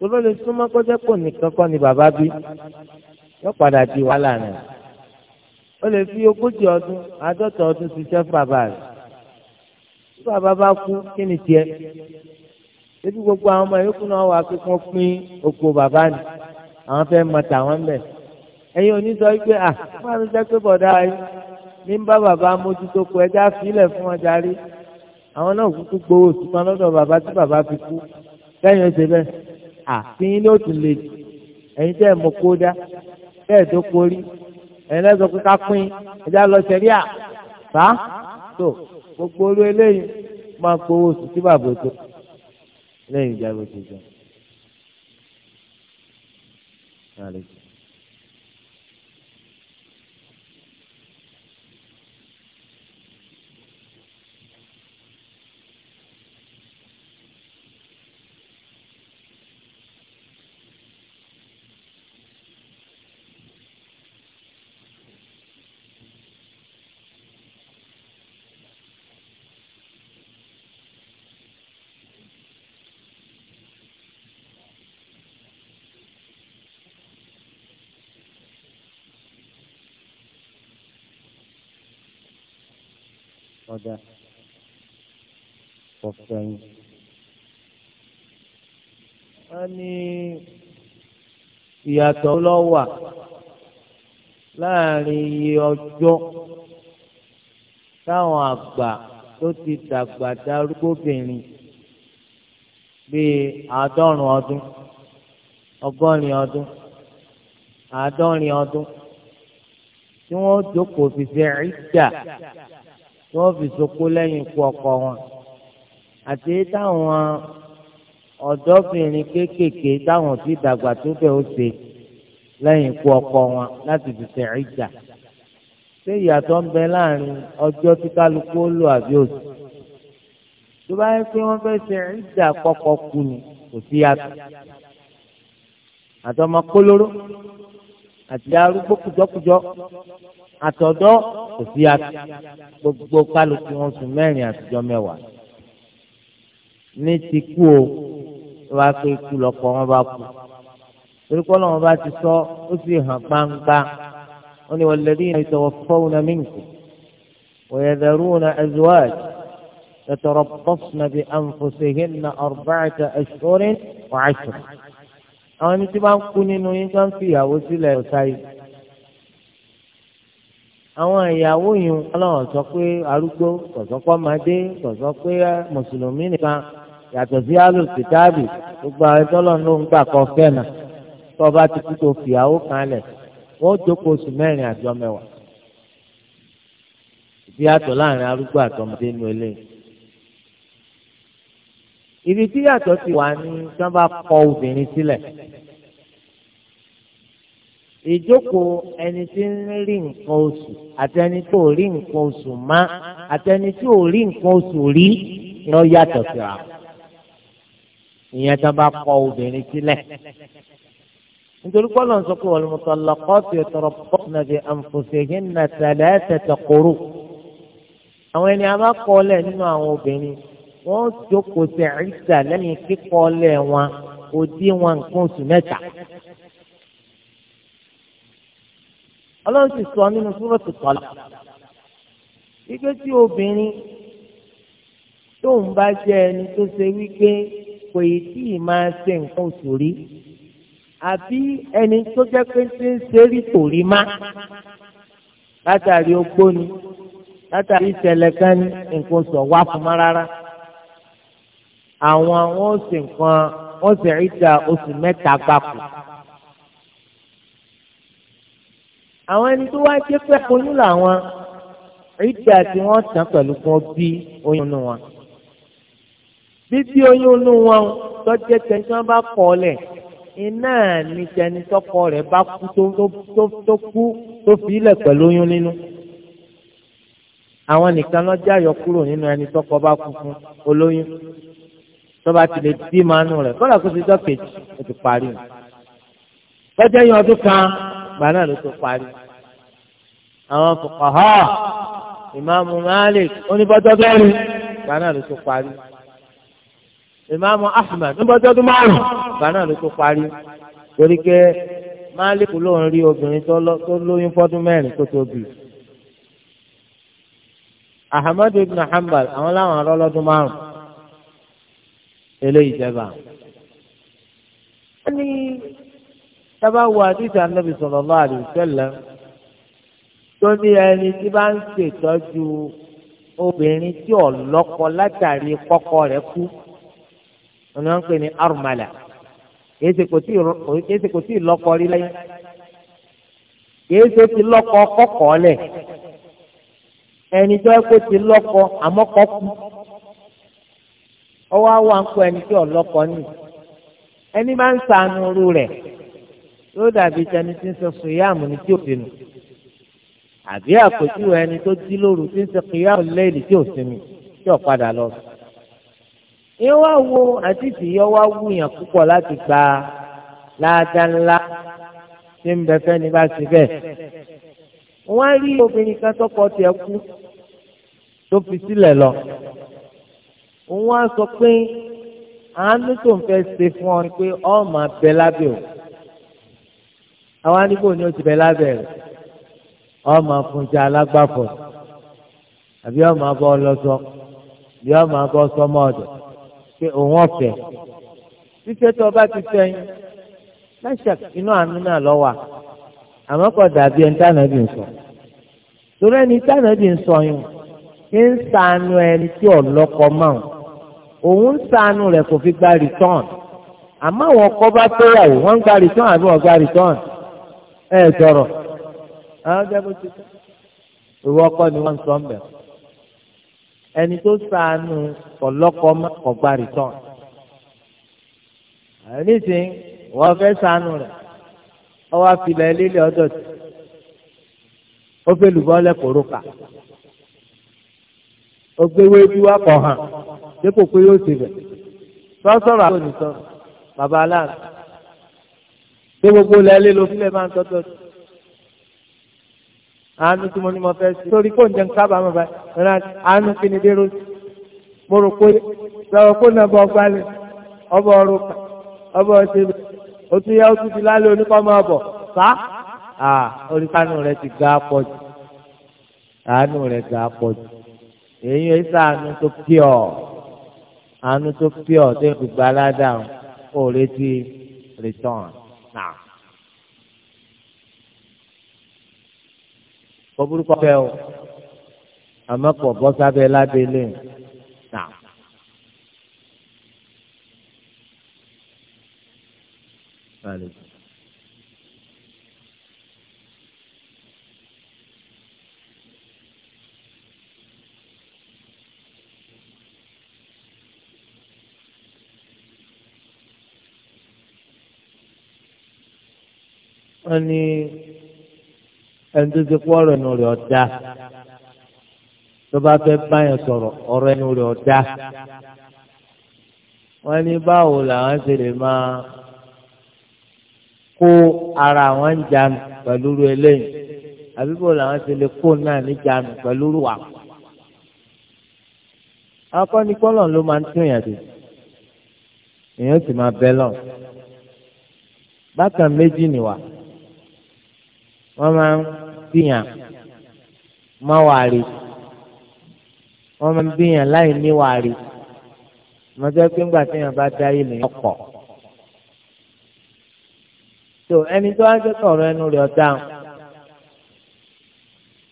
tòbá lè súnmọ́ kọjá pò nìkan kọ́ ni bàbá bí yóò padà di wàhálà rẹ̀ ó lè fi ogójì ọdún àádọ́ta ọdún ṣiṣẹ́ fún bàbá rẹ̀ tí bàbá bá kú kí ni tiẹ̀ ebi gbogbo àwọn ọmọ yòókù náà wà pé wọ́n pín oko bàbá ni àwọn fẹ́ mọ tàwọn ń bẹ̀ ẹ̀yin òní sọ pé à máa mi jẹ́ pé bọ̀dá yìí ní bá bàbá mójútó kù ẹja fílẹ̀ fún wọn darí àwọn náà kúkú gbowó òsùnmọ́ lọ́dọ̀ bàbá tí bàbá fi kú sẹ́yìn ó ṣe bẹ́ẹ̀ àfihàn ló tún lè jù ẹ̀yin tẹ́ ẹ̀ mọ kó dá tẹ́ ẹ̀ tó korí ẹ̀yin lẹ́sọ̀ pé ká pín ẹja lọ sẹ̀rí à fà á tó gbogbo olú eléyìí máa gbowó oṣù tí bàbá tó lẹ́yìn ìjà ló ti jẹun. ọ̀dà fọ̀fẹ̀yìn. wọ́n ní ìyàtọ̀ lọ́wà láàrin iye ọjọ́ táwọn àgbà tó ti dàgbà darúgbóbìnrin bíi àádọ́rùn ọdún ọgọ́rin ọdún àádọ́rin ọdún tí wọ́n jókòó fi ṣe ìjà tí wọ́n fi sokó lẹ́yìn ikú ọkọ wọn àti táwọn ọ̀dọ́bìnrin kéékèèké táwọn ti dàgbà tó bẹ̀ ó ṣe lẹ́yìn ikú ọkọ wọn láti fi ṣe ìjà ṣé ìyàtọ̀ ń bẹ láàrin ọjọ́ tí kálukú ó lò àbí òsì tó bá yẹ pé wọ́n fẹ́ ṣe ìjà kọ́kọ́ kú ni kò sí yàtọ̀ àtọmọ kólóró àti arúgbó kùjọkùjọ àtọ̀dọ́ kò sí àti gbogbo kálukú wọn sùn mẹ́rin àtijọ́ mẹ́wàá ní ti kú o wá pé ikú lọ́pọ̀ wọn bá kú torí kọ́ lọ́wọ́ bá ti sọ ó sì hàn gbangba ó ní walladhina yatawaffawna minkum wa yadharuna azwaj yatarabbasna bi anfusihinna arba'ata ashhurin wa 'ashra àwọn ẹni tí wọ́n ń kú nínú yín tó ń fi ìyàwó sílẹ̀ ọ̀sá yìí àwọn ìyàwó yìí ọlọ́run sọ pé arúgbó kọ̀sọ́pọ̀ máa dé kọ̀sọ́ pé mùsùlùmí nìkan yàtọ̀ sí alùsìtáàbì gbogbo àwọn ẹ̀dọ́lọ́run ló ń gbà kọ́ fẹ́ẹ̀nà tó o ti kú tó fìyàwó kan lẹ̀ wọ́n jókòó oṣù mẹ́rin àjọ mẹ́wàá láàrin arúgbó àtọmọdé nu eléyìí ibi tí yàtọ̀ ti wà ní tí wọ́n bá kọ obìnrin sílẹ̀ ìjókòó ẹni tí ń rí nǹkan oṣù àti ẹni tó rí nǹkan oṣù má àti ẹni tí ò rí nǹkan oṣù rí lọ yàtọ̀ síra ìyẹn tí wọ́n bá kọ obìnrin sílẹ̀ nítorí pọ́lọ̀ ń sọ pé wal mutallaqatu yatarabbasna bi anfusihinna thalathata quru àwọn ẹni abá kọ́ ọ lẹ̀ nínú àwọn obìnrin wọ́n jókòó sí ẹ̀ríṣà lẹ́yìn kíkọ́ ọlẹ́ wọn òdí wọn nǹkan oṣù mẹ́ta. ọlọ́run sì sọ nínú súrọ̀tù tọ́lá wípé tí obìnrin tóun bá jẹ́ ẹni tó ṣe wípé kò yìí tí ì máa ṣe nǹkan oṣù rí àbí ẹni tó jẹ́ pé ti ń ṣerí kò rí má látàrí ogbó ni látàrí ìṣẹ̀lẹ̀ kan ní nǹkan oṣù ọ̀wá fún má rárá àwọn wọn sì nǹkan wọn sì rí ta oṣù mẹ́ta gbàkú. àwọn ẹni tó wá jẹ́ pé oyún làwọn rí ta tí wọ́n tán pẹ̀lú kí wọ́n bí oyún nù wọn. bíbí oyún nù wọn tọ́jú ẹ̀tẹ̀ tí wọ́n bá kọ́ ọ lẹ̀ iná ní tẹni rẹ̀ bá kú tó kú tó fi ilẹ̀ pẹ̀lú oyún nínú àwọn nìkan lọ́jà yọ kúrò nínú ẹni tọkọ bá kú fún olóyún tọ́ba ti lè dí màánù rẹ̀ kọ́lá kó ti dọ́kẹ̀jì ó ti parí o tọ́jà yín ọdún kan gbà náà ló ti parí àwọn fuqaha ìmáàmù Malik oníbọ́jọ́ mẹ́rin gbà náà ló ti parí ìmáàmù Ahmad oníbọ́jọ́ ọdún márùn gbà náà ló ti parí torí pé Malik ló rí obìnrin tó lóyún fọ́dún mẹ́rin tó tóbi Ahmad ibn Hanbal àwọn láwọn arọ́ lọ́dún márùn eléyìí jẹba. wọ́n ní sábà wo àdìsá nàbì sallallahu alaihi wasallam tó ní ẹni tí bá ń ṣètọ́jú obìnrin tí ò lọ́kọ látàrí kọ́kọ rẹ̀ kú wọ́n ní wọ́n ń pè ní armala kìí ṣe kò tí ì lọ́kọ rí láyé kìí ṣe ti lọ́kọ kọ́kọ́ lẹ̀ ẹni tó ẹ kó ti lọ́kọ àmọ́ kú ọwọ́ àwọn àǹkó ẹni tí ọlọ́kọ nì ẹni máa ń sànù irú rẹ̀ yóò dàbí tẹni tí ń sọ sùyàmù ní tí ò sinmi àbí àpèjúwe ẹni tó dí lóru tí ń sọ kìyàmù lẹ́yìn tí ò sinmi tí ò padà lọ sùn. ìyẹn wá wo àtìsí yọ wá wúyàn púpọ̀ láti gba láàdá ńlá tí ń bẹ fẹ́ni bá ti bẹ́ẹ̀. wọ́n á rí obìnrin kan tiẹ̀ kú tó fi sílẹ̀ lọ òun wá sọ pé àánú tó ń fẹ́ ṣe fún ọ ni pé ọ máa bẹ lábẹ́ o àwọn àdìgbò ni ó ti bẹ lábẹ́ rẹ̀ ọ máa fún jẹ alágbàfọ̀ àbí ọ máa bọ́ ọ lọ sọ àbí ọ máa bọ́ sọmọ ọ̀dọ̀ pé òun ọ̀fẹ́ títẹ́ tó ọba ti fẹ́ láṣà inú àánú náà lọ wà àmọ́ kò dàbí ẹni tánàbí ń sọ torí ẹni tánàbí ń sọ yín ń sànú ẹni tí ọ̀lọ́kọ máa òun ń sànù rẹ̀ kò fi gba return àmọ́ àwọn ọkọ bá tóyàwó wọ́n ń gba return àbí wọ́n gba return ẹ̀ tọrọ àwọn jẹ́ bó ìwọ ọkọ ni wọ́n ń sọ mbẹ́ ẹni tó sànù ọlọ́kọ kò gba return Anything wọ́n fẹ́ sànù rẹ̀ ọwọ́ àfilẹ̀ lílẹ̀ ọdọ̀ tí ó fẹ́ lùbọ́ lẹ́kọ̀ọ́ rókà ó gbé wéjú wá kọ̀ hàn dépò pé yóò ṣe bẹ̀. sọ́sọ́rọ̀ àbúrò ní sọ́rọ̀ bàbá aláàánú. ṣé gbogbo lẹ́lẹ́ ló fílẹ̀ máa ń tọ́jú ọdún? àánú tí mo ní mo fẹ́ sí. torí kò ń jẹun kábàámọ̀ báyìí rárá àánú kí ni dé rọ́ọ̀sì. mo rò pé sọ̀rọ̀ kó nà bọ̀ gbálẹ̀ ọbọ̀ ọrùn ọbọ̀ ọ̀sẹ̀ o tún yá o tún ti lálẹ́ oníkọ́ máa bọ̀ fa oríkánú rẹ ti ga pọ̀ jù àánú rẹ ga pọ̀ jù èyí ẹ sàánú tó pí àánú tó pure tó fi gba aládà ó retí return náà. kò burúkọ fẹ́ o àmọ́ kò bọ́ sábẹ́ lábẹ́lẹ́ náà. Vale. wọ́n ní ẹni tó ti kó ọ̀rọ̀ ẹnu rẹ̀ ọ̀dá tó bá fẹ́ báyọ̀ sọ̀rọ̀ ọ̀rọ̀ ẹnu rẹ̀ ọ̀dá wọ́n ní báwo làwọn ṣe lè máa kó ara wọn jánu pẹ̀lú eléyìí àbí báwo làwọn ṣe lè kó náà ní jánu pẹ̀lú wà. akọ́ni kọ́lọ̀ ló máa ń tún yàn dé èèyàn sì máa bẹ́ lọ bákan méjì nìwà wọ́n máa ń bíyàn máwàárí wọ́n máa ń bíyàn láì níwàárí mọ̀tò pé ńgbà téèyàn bá dá ilé yẹn pọ̀ tó ẹni tó wá jẹ́ kọ̀ọ̀rọ̀ ẹnu rẹ̀ ọ̀dá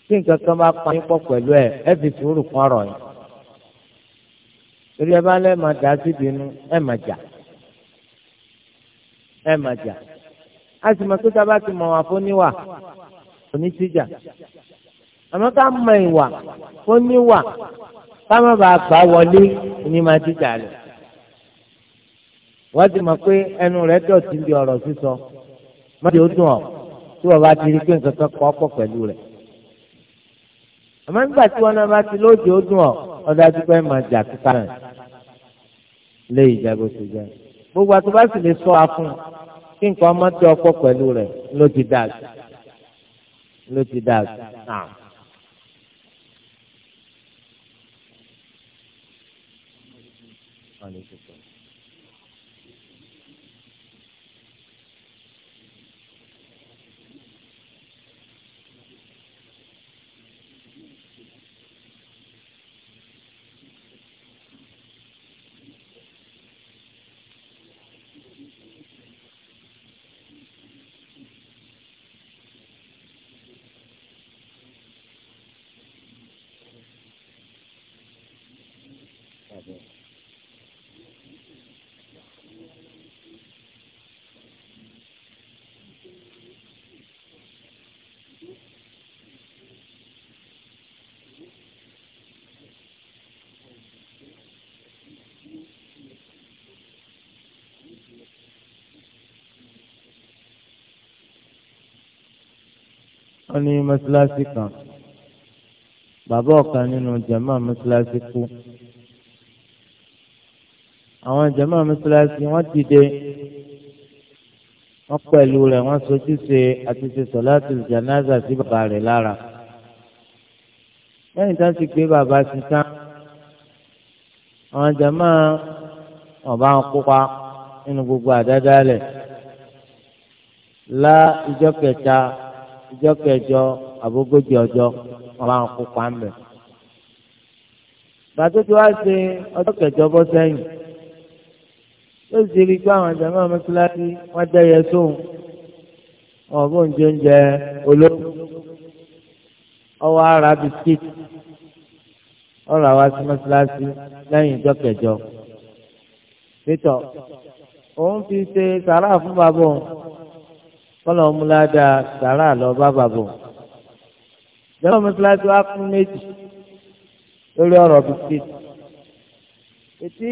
tí nǹkan kan bá pa yín pọ̀ pẹ̀lú ẹ̀ ẹ fi sùúrù kan ọ̀rọ̀ yẹn torí ẹ bá lẹ́ẹ̀ máa dá síbi inú ẹ máa jà ẹ máa jà a sì mọ̀ pé tá a bá ti mọ̀ wà fún níwà òní síjà àmọ́ ká mọ̀ ìwà fún níwà ká má bàa gbà wọlé òní máa jíjà rẹ̀ wọ́n ti mọ̀ pé ẹnu rẹ̀ dọ̀tí bí ọ̀rọ̀ sísọ mọ́tò ó dùn ọ́ tí wọ́n bá ti rí pé nǹkan kan kọ́ pọ̀ pẹ̀lú rẹ̀ àmọ́ nígbà tí wọ́n bá ti lóde ó dùn ọ́ ọ̀dà dúpẹ́ máa jà kíkà rẹ̀ lé ìjà bó ṣe gbogbo àti bá sì lè sọ afún kí nǹkan ọmọ tó ọkọ pẹ̀lú rẹ̀ ló ti dà ló ti dà náà. wọ́n ní mọ́ṣáláṣí kan bàbá ọ̀kan nínú jàmá mọ́ṣáláṣí kú àwọn jàmá mọ́ṣáláṣí wọ́n dìde wọ́n pẹ̀lú rẹ̀ wọ́n sojú ṣe àti ṣe sọ̀láàtì jànáza sí bàbá rẹ̀ lára lẹ́yìn tá a ti gbé bàbá sí tán àwọn jàmá ọba ń kópa nínú gbogbo àdádálẹ̀ lá ìjọ kẹta ìjọ kẹjọ àbógójì ọjọ́ wọn bá ń kópa ń bẹ. gbàtó tí wàá ṣe ọjọ́ kẹjọ bọ́ sẹ́yìn ó sì rí i pé àwọn jàmbá mọ́sálásí wọ́n dẹ́yẹ sóhun wọn bó ń jẹ oúnjẹ olóògùn ọwọ́ ara bisikíìtì ọ̀rọ̀ àwa sí mọ́sálásí lẹ́yìn ìjọ kẹjọ. pétọ̀ òun fi ṣe sàrà fún bàbá òun kọ́lọ̀ ọmúládà sàrà lọ bá bàbọ̀ jọlọ mọ́sálásí wa kún méjì lórí ọ̀rọ̀ bisikíìtì ètí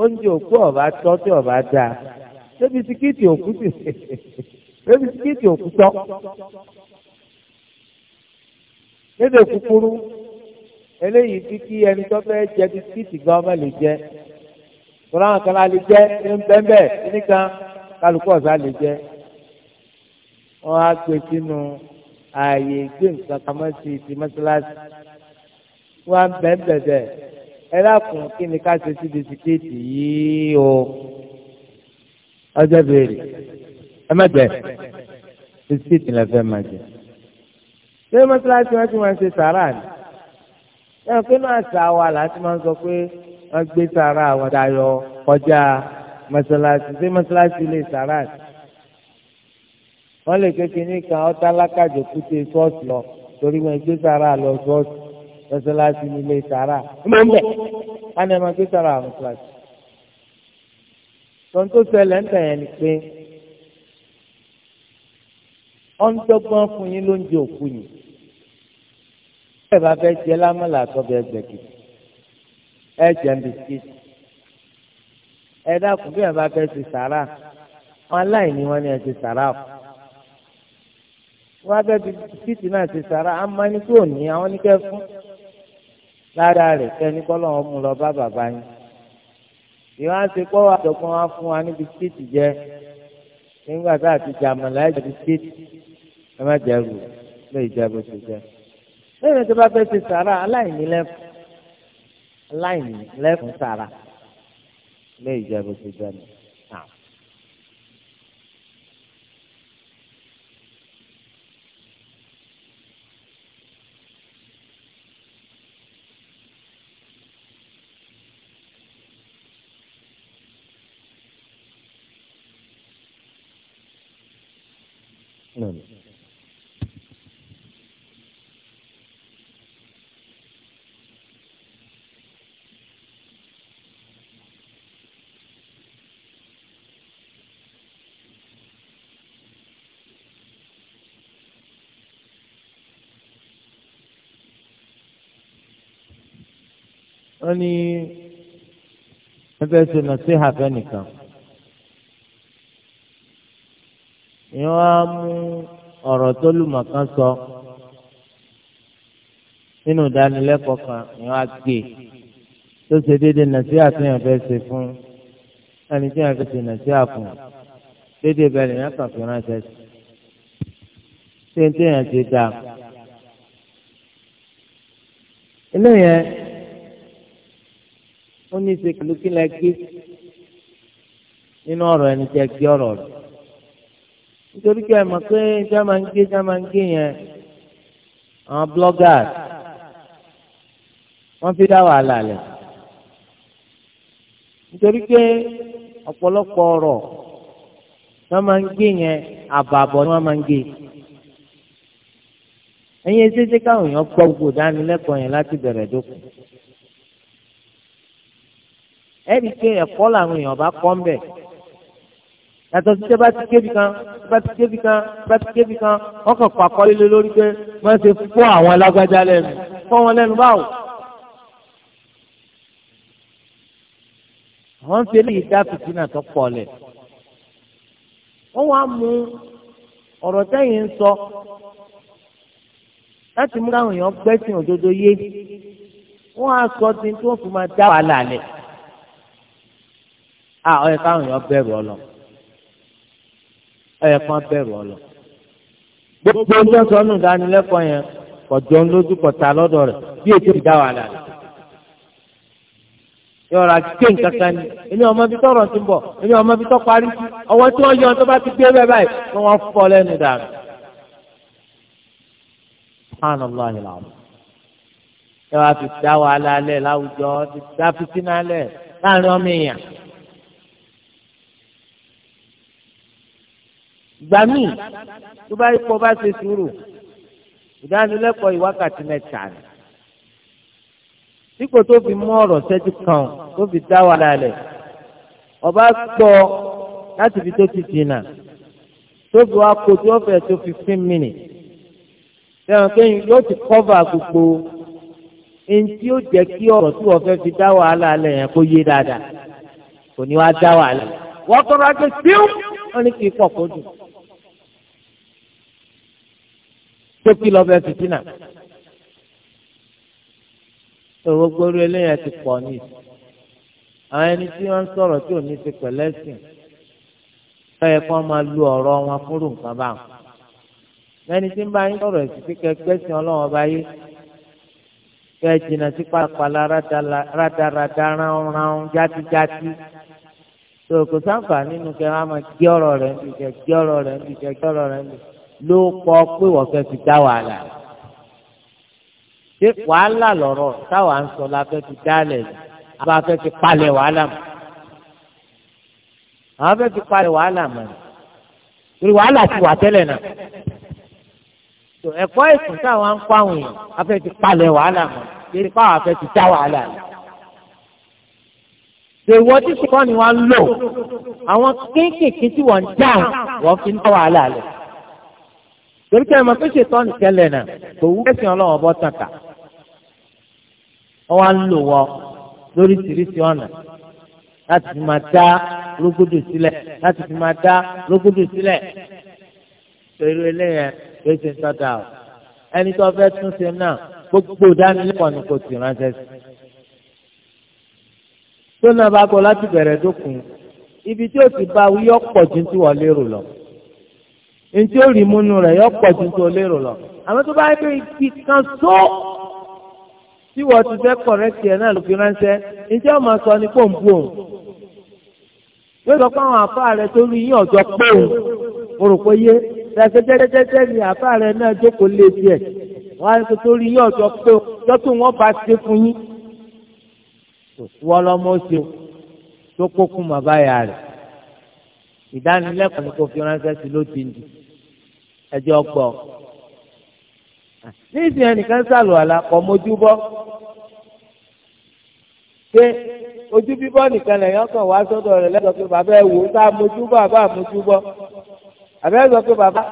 oúnjẹ òkú ọ̀bá tọ́ tí ọ̀bá dáa ṣé bisikíìtì òkú sì ṣé bisikíìtì òkú tọ́ lédè kúkúrú eléyìí bí kí ẹni tó fẹ́ jẹ bisikíìtì gan ọmọ lè jẹ kúrò àwọn kan lè jẹ ní bẹ́ẹ̀ bẹ́ẹ̀ nìkan kálukú ọ̀sán lè jẹ wọ́n á gbé sínú ààyè ìgbé nǹkan pamọ́ sí ti mọ́ṣáláṣí wọ́n á bẹ́ẹ̀ bẹ̀bẹ̀ ẹ lákùn kí ni ká ṣe sí bisikíìtì yìí o ọjọ́ béèrè ẹ má jẹ bisikíìtì la fẹ́ máa jẹ ṣé mọ́ṣáláṣí wọn ti máa ń ṣe sàárà ni ẹ pé náà ṣà wà láti máa ń sọ pé wọ́n gbé sàárà àwọn dayọ kọjá mọ́ṣáláṣí ṣé mọ́ṣáláṣí lè sàárà ni wọ́n lè ké kínní kan ọ́ tálákà jòkúté ṣọ́ọ̀ṣì lọ torí wọn gbé sàrà lọ ṣọ́ọ̀ṣì lọ́sọ̀láṣí nílé sàrà mọ́ńbẹ́ ánà máa gbé sàrà àrùn kíláàsì. tọ́n tó ṣẹlẹ̀ ń tẹ̀yẹ̀ ni pé ọ́ ń dọ́gbọ́n fún yín lóúnjẹ òkú yìí ẹ bá fẹ́ jẹ lámàlà àtọ́bẹ̀ ẹgbẹ̀ ẹ jẹ bisikíìtì ẹ dákun bí ẹ bá fẹ́ ṣe sàrà wọn aláìní wọn ni ẹ ṣe sàrà o wọ́n á fẹ́ fi bisikíìtì náà ṣe sàrà á máa ní kí ò ní àwọn oníkẹ́ fún lára rẹ̀ kẹ́ni kọ́lọ́ wọn mú lọ bá bàbá yín ìwọ́n á ṣe pọ́wọ́ àdọ̀gbọ́n wa fún wa ní bisikíìtì jẹ nígbà tá a ti jà mọ̀ láì jẹ bisikíìtì ẹ má jẹ rù lé ìjẹ bó ṣe jẹ lẹ́yìn tó bá fẹ́ ṣe sàrà aláìní lẹ́fún aláìní lẹ́fún sàrà lé ìjẹ bó ṣe jẹ nù. wọ́n ní wọ́n fẹ́ẹ́ ṣe nà sí àfẹ́ nìkan ìyẹn wá mú ọ̀rọ̀ tó lùmọ̀ kan sọ nínú ìdánilẹ́kọ̀ọ́ kan ìyẹn wá gbé tó ṣe déédéé nà sí àfihàn fẹ́ ṣe fún ẹni tí wọ́n fi ṣe nà sí àfún déédéé bẹ́ẹ̀ lè yàn kàn fi ránṣẹ́ sí ṣé ń tẹ̀yàn ṣe dáa. eléyẹn ó ní í ṣe pẹ̀lú kí lẹ gbé nínú ọ̀rọ̀ ẹni tẹ́ gbé ọ̀rọ̀ rẹ̀ nítorí pé ẹ mọ̀ pé ṣé máa ń gbé ṣé máa ń gbé yẹn àwọn bloggers wọ́n fi dá wàhálà lẹ̀ nítorí pé ọ̀pọ̀lọpọ̀ ọ̀rọ̀ ṣé máa ń gbé yẹn àbàbọ̀ ni wọ́n máa ń gbé ẹ̀yin ẹ̀ṣẹ̀ṣẹ̀ káwọn èèyàn gbọ́ gbòdánilẹ́kọ̀ọ́ yẹn láti bẹ̀rẹ̀ dókun ẹ̀rí pé ẹ̀kọ́ làwọn èèyàn bá kọ́ ń bẹ̀. yàtọ̀ sí tẹ́bá ti kébi kan tẹ́bá ti kébi kan tẹ́bá ti kébi kan wọ́n kàn pa akọ́lélé lórí pé wọ́n ṣe fún àwọn alágbájá lẹ́nu fún wọn lẹ́nu báwo. wọ́n ń fi eléyìí dá fìtínà tó pọ̀ lẹ̀. wọ́n wá mú ọ̀rọ̀ tẹ́yìn ń sọ láti mú káwọn èèyàn gbẹ́sìn òdodo yé wọ́n á sọ ti tí fi máa dá wàhálà lẹ̀ à ọyẹ káwọn èèyàn bẹ̀rù ọlọ ọyẹ kan bẹ̀rù ọlọ gbogbo ọjọ́ sọnù ìdánilẹ́kọ̀ọ́ yẹn kọjọ ńlójú kọta lọ́dọ̀ rẹ̀ bí ètò ìdá wà lára yọra ké nkankan ni èmi ọmọ bí tọrọ ti ń bọ̀ èmi ọmọ bí tọ parí ọwọ́ tí wọ́n yọ tó bá ti gbé bẹ́ẹ̀ báyìí wọ́n fọ́ lẹ́nu dànù. subhana allah ilaam yọra fi dá wàhálà lẹ láwùjọ fi dá fitinà láàrin ọmọ èèyàn. ìgbà míì tó bá ipò bá ṣe sùúrù ìdánilẹ́kọ̀ọ́ ìwákàtí mẹ́ta ni dípò tó fi mú ọ̀rọ̀ sẹ́jú kan tó fi dá wàhálà rẹ̀ ọba gbọ́ láti fi tó ti dìnnà tó fi wá kojú ọ̀fẹ́ tó fifteen minutes fẹ́ràn kéyìn yóò ti kọ́fà gbogbo ẹni tí ó jẹ́ kí ọ̀rọ̀ tí wọ́n fi dá wàhálà rẹ̀ yẹn kó yé dáadáa kò ní wá dá wàhálà wọ́n tọ́ra pé fíú wọ́n ní kí n pọ̀ kó dùn. tókì lọ́bẹ̀ fìtínà owó gbórí eléyàn ti pọ̀ ní ìsìn àwọn ẹni tí wọ́n ń sọ̀rọ̀ tí ò ní ti pẹ̀lẹ́ sìn lọ́yẹ kí wọ́n máa lu ọ̀rọ̀ wọn fúnrú nǹkan bá wọn lẹ́ni tí ń bá yín sọ̀rọ̀ ẹ̀sìn kíkẹ́ gbẹ́sìn ọlọ́wọ́n bá yé kẹ́ jìnnà sí pàápàá rádaràdà ránran játíjátí tó kò sáǹfà nínú kẹ́ wọ́n á máa gé ọ̀rọ̀ rẹ̀ níbi kẹ́ gé ọ̀rọ̀ rẹ̀ níbi kẹ́ gé ọ̀rọ̀ rẹ̀ níbi ló kọ pé wọ́n fẹ́ fi dá wàhálà ṣé wàhálà lọ̀rọ̀ táwa ń sọ la fẹ́ fi dálẹ̀ àbá fẹ́ fi palẹ̀ wàhálà mọ́ àwọn fẹ́ fi palẹ̀ wàhálà mọ́ torí wàhálà ti wà tẹ́lẹ̀ náà tó ẹ̀kọ́ ẹ̀sùn táwa ń kọ́ àwọn èèyàn a fẹ́ fi palẹ̀ wàhálà mọ́ torí káwa fẹ́ fi dá wàhálà mọ́ èèwọ̀ tí sùkọ́ ni wọ́n ń lò àwọn kéékèèké tí wọ́n ń dáhùn wọ́n fi ń dá wàhálà lẹ̀ torí kí ẹ máa fẹsẹ̀ tọ́ ní tẹ́lẹ̀ náà kò wú ẹ̀sìn ọlọ́wọ́ bọ́ tàkà wọ́n wá ń lò wọ́ lóríṣiríṣi ọ̀nà láti fi máa dá rógódò sílẹ̀ láti fi máa dá rógódò sílẹ̀ pẹ̀lú eléyẹn fẹsẹ̀ ń tọ́ta o ẹni tó fẹ́ tún ṣe náà gbogbo ìdánilẹ́kọ̀ọ́ ni kò sì ránṣẹ́ sí tó náà bá gbọ́ láti bẹ̀rẹ̀ dókun ibi tí ó ti bá wíyọ́ pọ̀ ju ti wọ́n lérò lọ ntí ó rí múnú rẹ̀ yọ pọ̀ ju tó lérò lọ àmọ́ tó bá yẹ pé ibi kan tó tí wọ́n ti fẹ́ kọ̀rẹ́tì ẹ̀ náà ló fi ránṣẹ́ ntí ó máa sọ ní pòǹpù yóò sọ pé àwọn àfa rẹ̀ tó rí yín ọ̀jọ́ pé òun mo rò pé yé ṣàṣẹ jẹ́jẹ́jẹ́jẹ́ ni àfa rẹ̀ náà jókòó lé tiẹ̀ wọ́n á tó rí yín ọ̀jọ́ pé òun lọ́tò wọn bá ṣe fún yín wọ́n lọ́mọ ṣe tó kókùn màbáyà rẹ̀ ìdánilẹ́kọ̀ọ́ ni kò fi ránṣẹ́ sí ló ti ń ẹjọ́ gbọ́ ní ìsìn ẹnìkan sàlù àlà kọ́ mojú bọ́ pé ojú bíbọ́ nìkan lẹ́yìn ọkàn wá sọ́dọ̀ rẹ̀ lẹ́sọ̀ pé bàbá ẹ wò ó sá mojú bọ́ àbá mojú bọ́ àbẹ́ ẹ sọ pé bàbá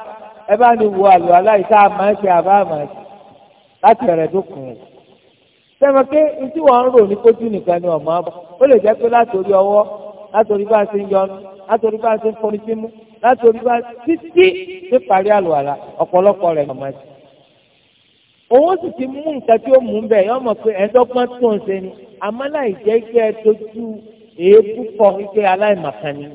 ẹ bá ní wo àlù àlà yìí sáà máa ń ṣe àbá máa ṣe láti ọ̀rẹ́ tó kùn ún. sẹ́wọ̀n pé ntí wọ́n ń rò ní kójú nìkan ni ọ̀mọ́ abọ́ ó lè jẹ́ pé látòrí ọwọ́ látòrí bá a ṣe ń yọnu látòrí bá a ṣe ń fọnisímú láti orí bá títí ní parí àlùwàlà ọ̀pọ̀lọpọ̀ rẹ̀ màmá sí. òun sì ti mú nǹkan tí ó mú bẹ̀ yọ mọ̀ pé ẹ̀ẹ́dọ́gbọ́n tó ń ṣe ni àmọ́ láì jẹ́ kí ẹ tójú èébú kọ wípé aláìmọ̀kan ni.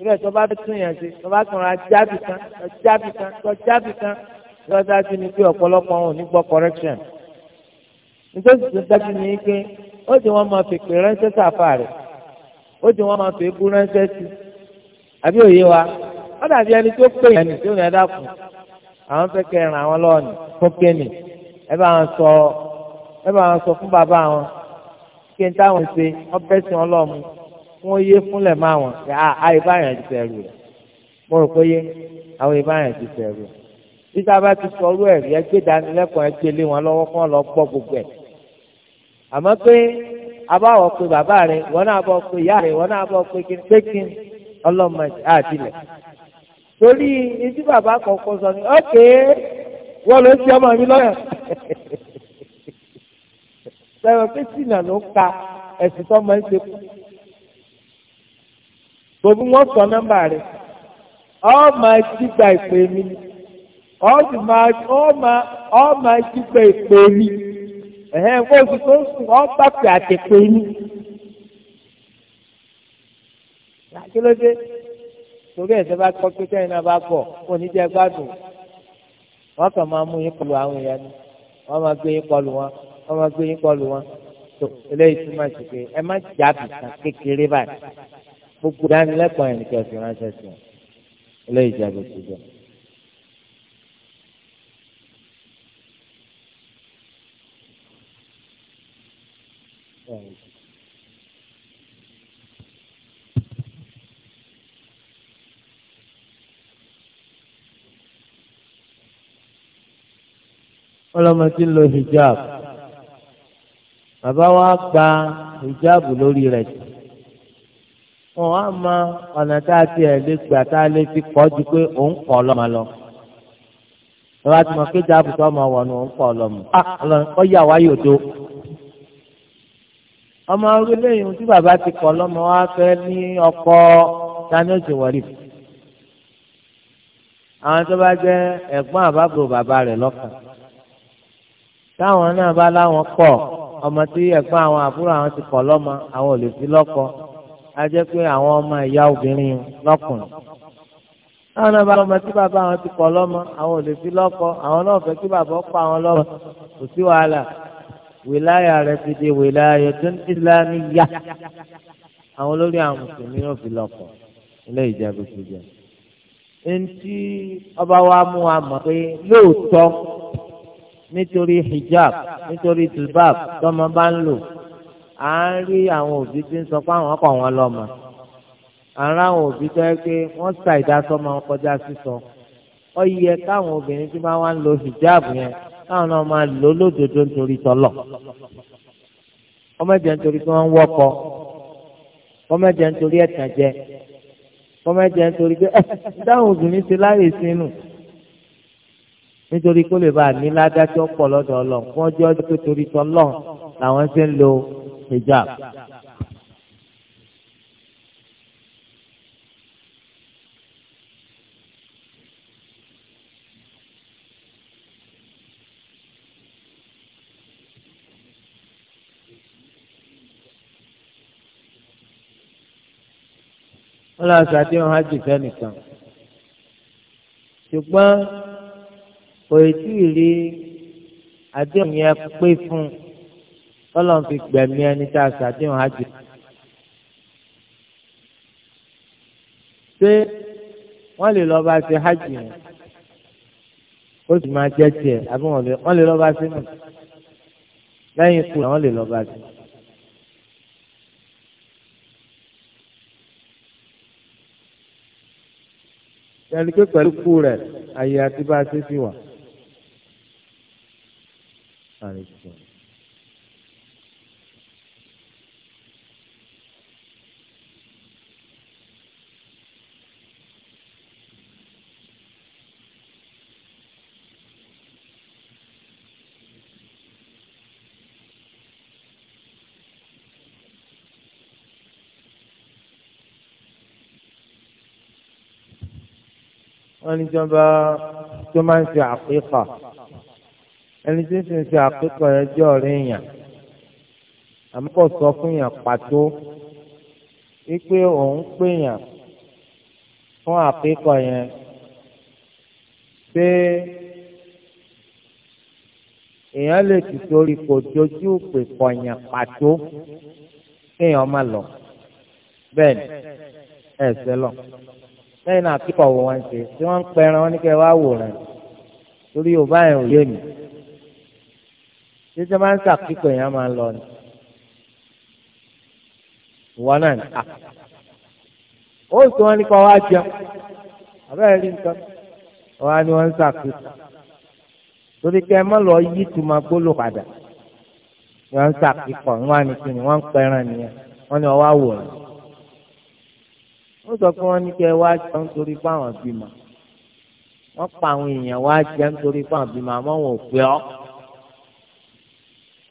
ìrẹ̀ tó bá tún yàn sí tó bá tún ra jábì kan tó jábì kan tó jábì kan lọ́dá sí ni pé ọ̀pọ̀lọpọ̀ wọn ò ní gbọ́ correction. nítorí tó dájú ni pé ó ti wọn máa ó ti wọ́n máa fi ikú ránṣẹ́ sí àbí òye wa wọ́n dàbí ẹni tó pè é ẹni tó ní ẹ̀dá kù àwọn fẹ́ kẹ́ ràn àwọn lọ́ọ̀nì fọ́kẹ́nì ẹ bá wọn sọ ẹ bá wọn sọ fún bàbá wọn kí n táwọn ṣe wọ́n bẹ́ sí wọn lọ́ọ̀mù wọ́n yé fúnlẹ̀ máa wọn ah, ah, àì báyàn ti sẹ̀rù rẹ̀ mo rò pé yé àwọn ìbáyàn ti sẹ̀rù rẹ̀ títa bá ti sọ ọrú ẹ̀rí ẹgbẹ́ ìdánilẹ́kọ̀ọ́ ẹgbẹ́ lé wọn lọ́wọ́ kí wọ́n abáwọ̀ pé Baba, rẹ̀ wọn náà bọ̀ pé ìyá rẹ̀ wọn náà bọ̀ pé kí n pé kí n ọlọ́mọ àdìlẹ̀. torí etí bàbá kọ̀ọ̀kan sọ ni ókè wọ́n ló ti ọmọ mi lọ́yàn. sẹ́wọ̀n pé sínà ló ka ẹ̀sìn tó máa ń ṣe kú. gbogbo wọn sọ nọ́mbà rẹ̀ ọ máa ti gba ìpè mi ọ sì gba ìpè mi ẹ̀hẹ́n kó oṣù tó sùn ọ́ bá pè àtẹ̀pé ní. kí ló dé torí ẹ̀sẹ̀ bá kọ́ pé sẹ́yìn náà bá bọ̀ kó ní jẹ́ gbádùn wọ́n kàn máa mú yín kọlu àwọn èèyàn ni wọ́n máa gbé yín kọlu wọn wọ́n máa gbé yín kọlu wọn tó eléyìí túmọ̀ sí pé ẹ má jábì kan kékeré báyìí gbogbo dánilẹ́kọ̀ọ́ yẹn ni kẹfì ránṣẹ́ sí wọn eléyìí jábì sí jẹ́. السلام ọlọ́mọ tí ń lo hijab bàbá wa gba hijab lórí rẹ̀ jù wọn á mọ ọ̀nà tá a ti ẹ̀ lé gbà tá a lé ti kọ́ ju pé òun kọ́ lọ́mọ lọ bàbá tí mo kéjà àbùtọ́ ọmọ wọn ni òun kọ́ lọ́mọ ah, ọlọ́run kọ́ yà wáyò tó ọmọ orílẹ̀-èdè tí bàbá ti kọ̀ lọ́mọ wa fẹ́ ní ọkọ tani ó ti wọlé àwọn tó bá jẹ́ ẹ̀gbọ́n àbábọ̀ bàbá rẹ̀ lọ́kàn táwọn náà bá láwọn kọ̀ ọmọ tí ẹ̀gbọ́n àwọn àbúrò àwọn ti kọ̀ lọ́mọ àwọn ò lè fi lọ́kọ á jẹ́ pé àwọn ọmọ ìyá obìnrin lọ́kùnrin táwọn náà bá lọ́mọ tí bàbá àwọn ti kọ̀ lọ́mọ àwọn ò lè fi lọ́kọ àwọn náà fẹ́ kí bàbá pa àwọn lọ́mọ kò sí wàhálà wìláyà rẹ̀ ti di wìláyà tó ń islámíyà àwọn olórí àwọn mùsùlùmí yóò fi lọ́kọ̀ ilé ìjẹ́bù ti jẹ́ eŋti ọba wa mú wa mọ̀ pé lóòótọ́ nítorí hijab nítorí tilbab tọ́mọ bá ń lò à ń rí àwọn òbí tí ń sọ pé àwọn ọkọ wọn lọ́mọ àrà àwọn òbí tó yẹ pé wọ́n ṣàìdásọ́mọ kọjá sísọ ó yẹ káwọn obìnrin tí wọ́n wá ń lo hijab yẹn káwọn náà máa lò lódodo nítorí tọlọ kọmẹjẹ nítorí tí wọn ń wọkọ kọmẹjẹ nítorí ẹtàn jẹ kọmẹjẹ nítorí pé ẹ eh, dáhùn obìnrin ti láyè sínú nítorí kó lè bá a ní ládájọ pọ lọ́dọ̀ Ọlọ́run fún ọjọ́ pé torí tọlọ làwọn ṣe ń lo hijab. wọn lọ sàdéhùn hajj fẹ́nìkan ṣùgbọ́n kò tí ì rí àdéhùn yẹn pé fún tọ́lọ́ fi gbẹ̀mí ẹni tá a sàdéhùn hajj. ṣé wọ́n lè lọ́ọ́ bá ṣe hajj yẹn ó sì máa jẹ́ tiẹ̀ àbí wọ́n lè lọ́ọ́ bá ṣe nù lẹ́yìn ikú làwọn lè lọ́ọ́ bá ṣe nù. yẹn ni pé pẹ̀lú kú rẹ̀ ayé àti bá a ṣe fi wà. wọ́n ní jọba tó máa ń ṣe àpékọ ẹni tí ń ṣe àpékọ yẹn jẹ́ ọ̀rẹ́ èèyàn àmọ́ kò sọ fún èèyàn pàtó wípé òun pèèyàn fún àpékọ yẹn ṣé èèyàn lè tì torí kò dojú pè pọ̀yàn pàtó kéèyàn má lọ bẹ́ẹ̀ ni ẹ̀ sẹ́lọ̀ lẹ́yìn náà kíkọ̀ wò wọ́n ṣe tí wọ́n ń pẹran wọn ní kẹ́ wá wòran torí yorùbá yẹn ò yé mi títí máa ń sàkíkọ̀ yẹn máa ń lọ ni ìwọ náà ní à ó sì wọn ní kọ́ wá jẹun àbẹ́rẹ́ rí nǹkan wọn ni wọ́n ń sàkíkọ̀ torí kẹ́ ẹ má lọ yí tuma gbólò padà wọ́n ń sàkíkọ̀ wọ́n á kí ni wọ́n ń pẹran nìyẹn wọ́n ní ọwọ́ àwòrán wọ́n sọ fún wọn ní kẹ́ wá jẹun nítorí pé àwọn bímọ wọ́n pa àwọn èèyàn wá jẹun nítorí pé àwọn bímọ àmọ́ wọn ò pé ọ́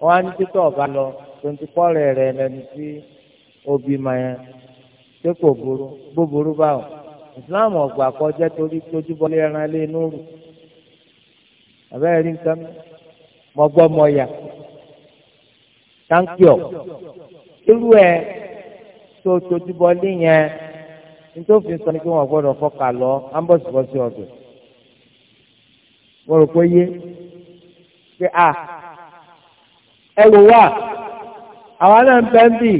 wọ́n á ní títọ́ ọ̀gá lọ twenty four rẹ̀ rẹ̀ lẹ́nu sí obìmọ yẹn ṣé kò burú bó burú báwò ìsìláàmù ọ̀gbà kọjá torí tójúbọlé ẹran lé núrù àbẹ́rẹ́ rí nǹkan mọ́ gbọ́ ọ̀ irú ẹ̀ tó tójúbọlé yẹn nítòfin sọ ni pé wọn gbọ́dọ̀ fọkà lọ ambọ̀sibọ́sí ọ̀dọ̀ mo rò pé yé pé a ẹ wò wá àwa náà ń bẹ́ ń bì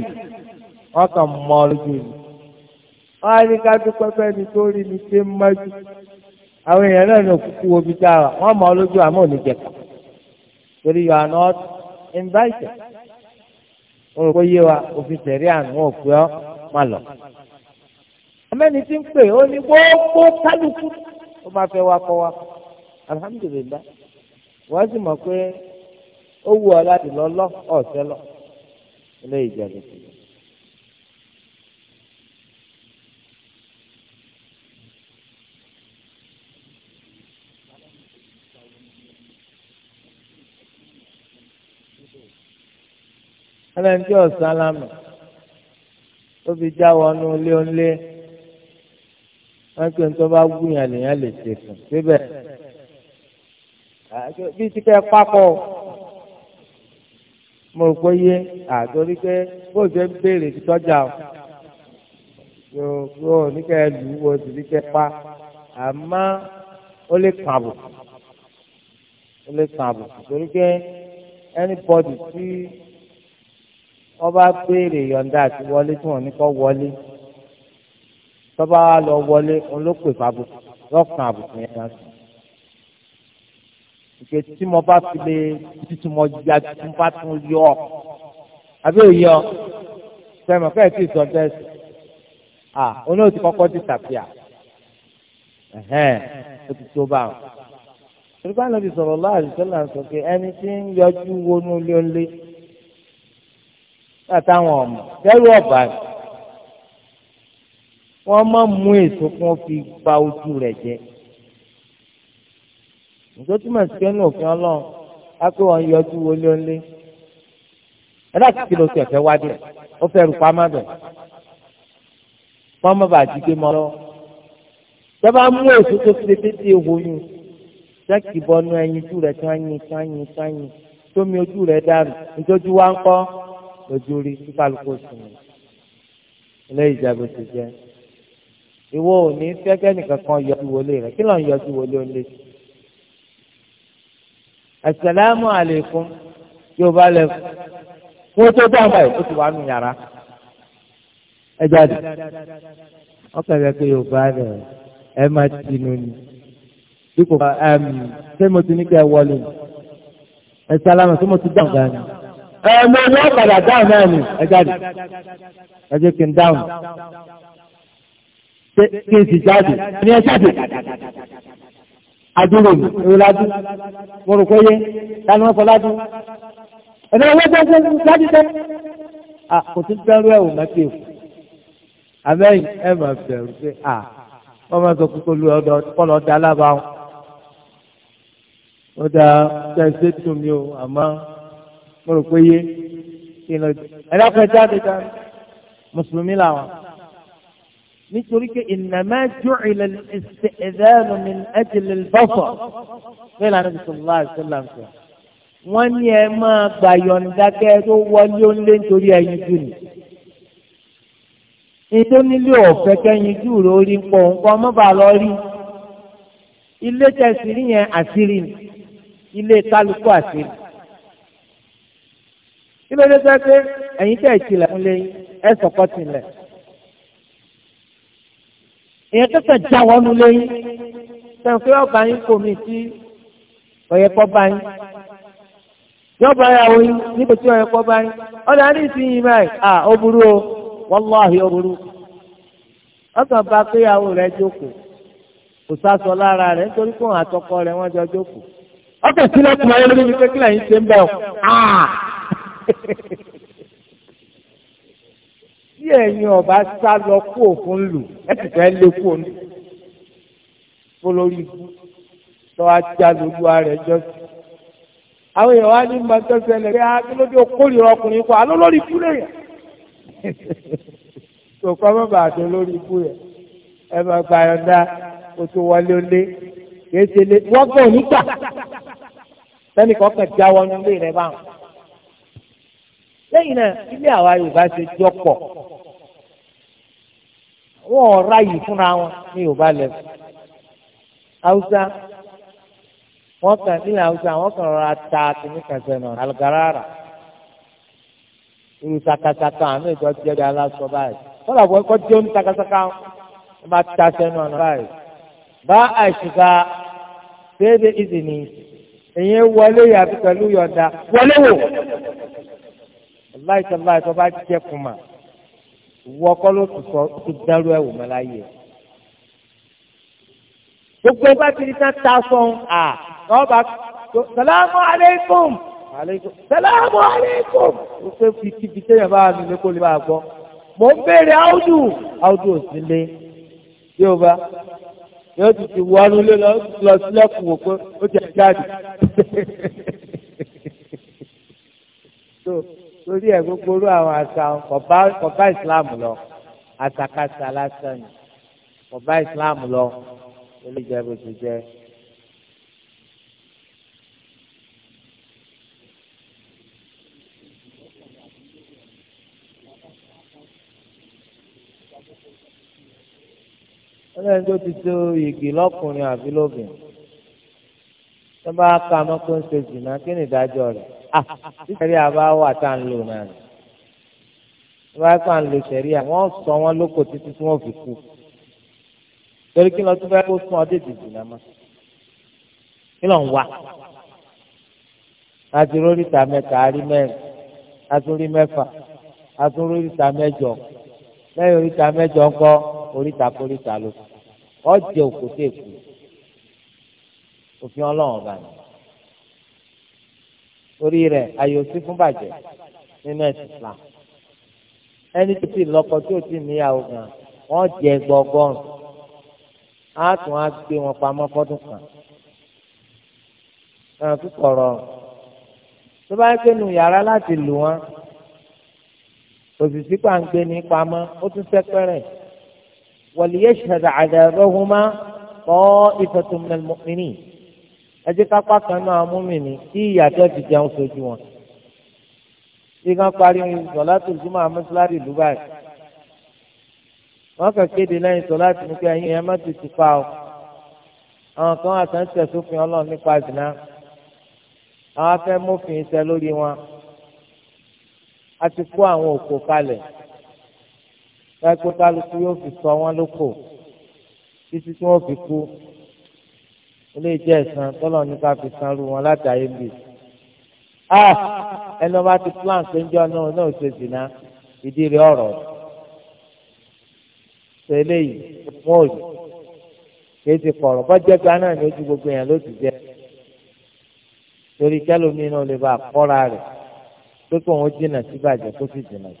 wọ́n kàn mọ́ lójú ni wọ́n á ní ká dúpẹ́ pẹ́ ni tó rí ni ṣe ń mọ́jú àwọn èèyàn náà ní òkúkú wo bí dára wọ́n mọ́ lójú àmọ́ ò ní jẹ torí you are not invited rò pé yé wa òfin tẹ̀rí àná wọn ọ́ má lọ ọmọnì tí ń pè ó ní gbogbo kálukú ó máa fẹ́ wá kọ́ wa alhamdulillah wọ́n sì mọ̀ pé ó wù ọ láti lọ lọ ọ̀sẹ̀ lọ ilé ìjọba ti lọ. ẹlẹ́ni ọ̀sán lámà ó fi já wọnú ilé onílé wọ́n pe nítorí bá gbìyàn lèèyàn lè ṣe fún síbẹ̀ bí ti kẹ́ pápọ̀ mo rò pé yé àtòrí pé bóun ṣe ń béèrè ti tọ́jà o yóò ní kẹ́ ẹ lù ú o sì ní kẹ́ ẹ pa àmọ́ ó lè kàn àbùkù ó lè kàn àbùkù torí pé anybody tí wọ́n bá béèrè yọ̀ǹda àti wọlé tí wọ́n ní kọ́ wọlé tọ́ba lọ wọlé òun ló pè fàbùkù lọ́kàn àbùkù yẹn náà sí. ìpè tí mo bá fi lè títí mo ya tí mo bá tún yọ ọ àbí òye ọ sẹ́mi ọ̀kẹ́ tí ì sọ bẹ́ẹ̀ sí. à oní òtí kọ́kọ́ ti tàbí à ẹ̀hẹ́n ó ti tó bá wọn. Olùkọ́ àlọ́ ti sọ̀rọ̀ lọ́wọ́ àdìsọ́lá sọ pé ẹni tí ń yọjú wọnú lé lé. Bàtà ọmọ, dẹ́rù ọ̀bà ni wọ́n má mú èso kí wọ́n fi ba ojú rẹ̀ jẹ́ nítorí tí màá sẹ́nu òfin ọlọ́run á pé wọ́n yọjú wọlé ọlé ẹ láti kí ló ti ẹ̀fẹ́ wá dé ó fẹ́ rúpa má bẹ̀ wọ́n má bàa jí gbé mọ́ lọ tẹ́ bá mú èso tó fi dédé ìhòyún sẹ́kì bọ́nú ẹyin ojú rẹ̀ tí wọ́n yin tí wọ́n yin tómi ojú rẹ̀ dànù nítorí wá ń kọ́ lójú rí kíkálukú sùn ilé ìjẹ́bù ti jẹ́ ìwọ ò ní fẹ́kẹ́ nìkan kan yọjú wọlé rẹ̀ kí ló ń yọjú wọlé ó lé sí. asalaamu aleykum yóò bá lẹ fún tó dáhùn báyìí ó ti wà nù yàrá ẹ jáde wọn kẹlẹ pé yóò bá rẹ ẹ máa ti nù ní bí kò bá ṣé mo ti ní kí wọlé ẹ sálámà ṣé mo ti dáhùn báyìí ẹ mo ní ọ̀kadà dáhùn náà ni ẹ jáde ẹ jẹ́ kí n dáhùn kí n sì jáde ní ẹ jáde adúlò mi èwo lájú mo rò pé yẹ tani wọn fọ lájú ẹni wọn gbọ́ pé lájú tẹ à kò tún tẹrù ẹ wò má tẹ fún amẹyìn ẹ má bẹ̀rù pé à wọn máa kókó lu ọ̀dọ̀ kọlọ da alábà wọn ó da ṣẹṣẹ tún mi o àmọ́ mo rò pé yẹ kí n lọ ẹ dákun ẹ jáde dáa mùsùlùmí làwọn nítorí pé ìnàmá jùlọ ìsẹ̀dáàlù mi ẹ̀jẹ̀lẹ̀ bọ́sọ̀ bẹ́ẹ̀ lànà bisimilá àṣìlá ń sọ. wọ́n ní ẹ máa gbà yọ̀ǹda kẹ́ ẹ tó wọlé ó lé nítorí ẹyin jù ní. ètò nílé ọ̀fẹ́ kẹ́yin jù rẹ̀ orí pọ̀ nǹkan mọ́bà lọ rí. ilé tẹ̀sí yẹn àṣírí ni ilé kálukú àṣírí. kí ló pé ẹ̀yin tẹ̀ tilẹ̀ ń lé ẹ sọ̀kọ́ tilẹ̀. ìyẹn kẹsẹ̀ já wọnú lẹ́yìn sẹ́wọ̀n ọba yín kò mí sí ọ̀yẹ̀kọ́ bá yín yọba yàwó yín níbo tí ọ̀yẹ̀kọ́ bá yín ọ̀dà ní ìsinyìí báyìí à ó burú o wàláhì ó burú ọkàn bá péyàwó rẹ̀ jókòó kò sásọ lára rẹ̀ nítorí pé òun àtọkọ rẹ̀ wọ́n jọ jókòó sílẹ̀ pé kílẹ̀ yín ṣe ń bẹ̀ ọ́ ẹ̀yin ọba sá lọ kú òfin lù ẹ sì fẹ́ lé kú òun polórí lọ ajá lójú ààrẹ jọ sí. àwọn èèyàn wá ní mọ́tò ṣẹlẹ̀ pé akínlódé okòrìrọ̀ ọkùnrin kọ́ àlọ́ lórí ikú lèèyàn. tòkọ́ mọ́ bàtò lórí ikú yẹn ẹ máa gba ayọ̀dá kó tó wọlé olé kìí ṣe lé wọ́n gbọ́ nígbà sẹ́ni kàn já wọnú ilé rẹ̀ báwọn. lẹ́yìn náà ilé àwa Yorùbá ṣe jọ pọ̀ wọn ò ráyè fúnra wọn ní yorùbá lẹ́fù haúsá wọn kàn nílẹ̀ haúsá wọn kàn rọra ta kìnnì kan sẹ́nu algarara irú sakasaka àmì ìjọ jẹ́ bí aláṣọ báyìí kọ́lá bọ́ ẹ̀kọ́ jẹ́ oní sakasaka wọn bá ta sẹ́nu ọ̀nà báyìí bá àṣìká déédéé ìdìní ìyẹn wọlé yàtọ̀ pẹ̀lú yọ̀ǹda wọlé wò láìsọ̀ láìsọ̀ bá jẹ́ kùmà wọ́n kọ́ ló tún sọ tó dárú ẹ̀wò mọ́ láyé ẹ̀. gbogbo ẹ bá ti rí sáà tásán à lọ́ba sàlámù aleykum sàlámù aleykum ó pé fi kíbi téèyàn bá mi lé kó lè máa gbọ́ mò ń béèrè áùdù áùdù ò sí lé yóò bá yóò ti ti wọnú lé lọ sílẹ̀kùn wò pé ó ti jáde. torí ẹ̀ gbogbo orú àwọn àṣà kọ̀bá islam lọ àṣàkáṣà lásán ni kọ̀bá islam lọ olùjẹ́ bó ti jẹ́. ọlọ́run tó ti tó igi lọ́kùnrin àbí lóbìn tó bá ka mọ́ pé ń ṣe jìnnà kí ni ìdájọ́ rẹ̀ sẹ́rí àbá wà tá à ń lò náà ni wọ́n á kàn lò sẹ́rí à wọ́n sọ wọn lóko títí tí wọ́n fi kú torí kí lọ́ọ́ tó bá kó sún ọdẹ dìbò náà mọ́ kí lọ́ọ́ ń wá láti rórìta mẹ́ta rí mẹ́rin láti rí mẹ́fà láti rórìta mẹ́jọ lẹ́yìn oríta mẹ́jọ ńkọ́ oríta kóríta ló ọjẹ òkúté kù òfin ọlọ́run ọba nìyẹn orí rẹ̀ ayò sí fún bàjẹ́ nínú ẹ̀sìn Islam ẹni tó ti lọ́kọ tí ò ti níyàwó gan wọ́n jẹ gbọgbọ́n á tún á gbé wọn pamọ́ fọ́dún kan náà tó kọ̀rọ̀ tó bá gbé nu yàrá láti lù wọ́n òṣìṣẹ́ pàǹgbé ní pamọ́ ó tún sẹ́pẹ́rẹ́ wọ̀lìyẹ́ ṣẹ̀dá àdàbọ̀húnmá kọ́ ìfẹ̀tùmọ̀lẹ́mọ̀mìnì ẹ jẹ́ kápá kan náà múmi ní kí ìyàtọ̀ ti jẹun sojú wọn. bí wọ́n parí sọ̀láàtì ìjùmọ̀ àmọ́síláàdì dubai wọ́n kàn kéde lẹ́yìn sọ̀láàtì ní pé ẹ̀yin ẹ̀ má ti ti fa o. àwọn kan àtàǹtẹ̀ sófin ọlọ́run nípa ìdìnnà àwọn afẹ́ mófin iṣẹ́ lórí wọn. a ti kó àwọn òkò kalẹ̀ ẹ̀kọ́ kálukú yóò fi sọ wọn lóko títí tí wọ́n fi kú ilé ìjẹ́ ẹ̀sán tọ́lọ̀ ní ká fi san irú wọn láti ayé bì. a ẹni ọba ti plan pé ń jọ náà náà ṣe jìnnà ìdí rẹ ọ̀rọ̀ ṣe eléyìí fún òyì kìí ti kọ̀rọ̀ bọ́jẹ́ gba náà ní ojú gbogbo yẹn ló ti jẹ́ torí kẹ́lómi náà lè ba àkọ́ra rẹ̀ pé kò wọ́n jìnnà sí bàjẹ́ kó sì jìnnà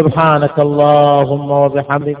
سبحانك اللهم وبحمدك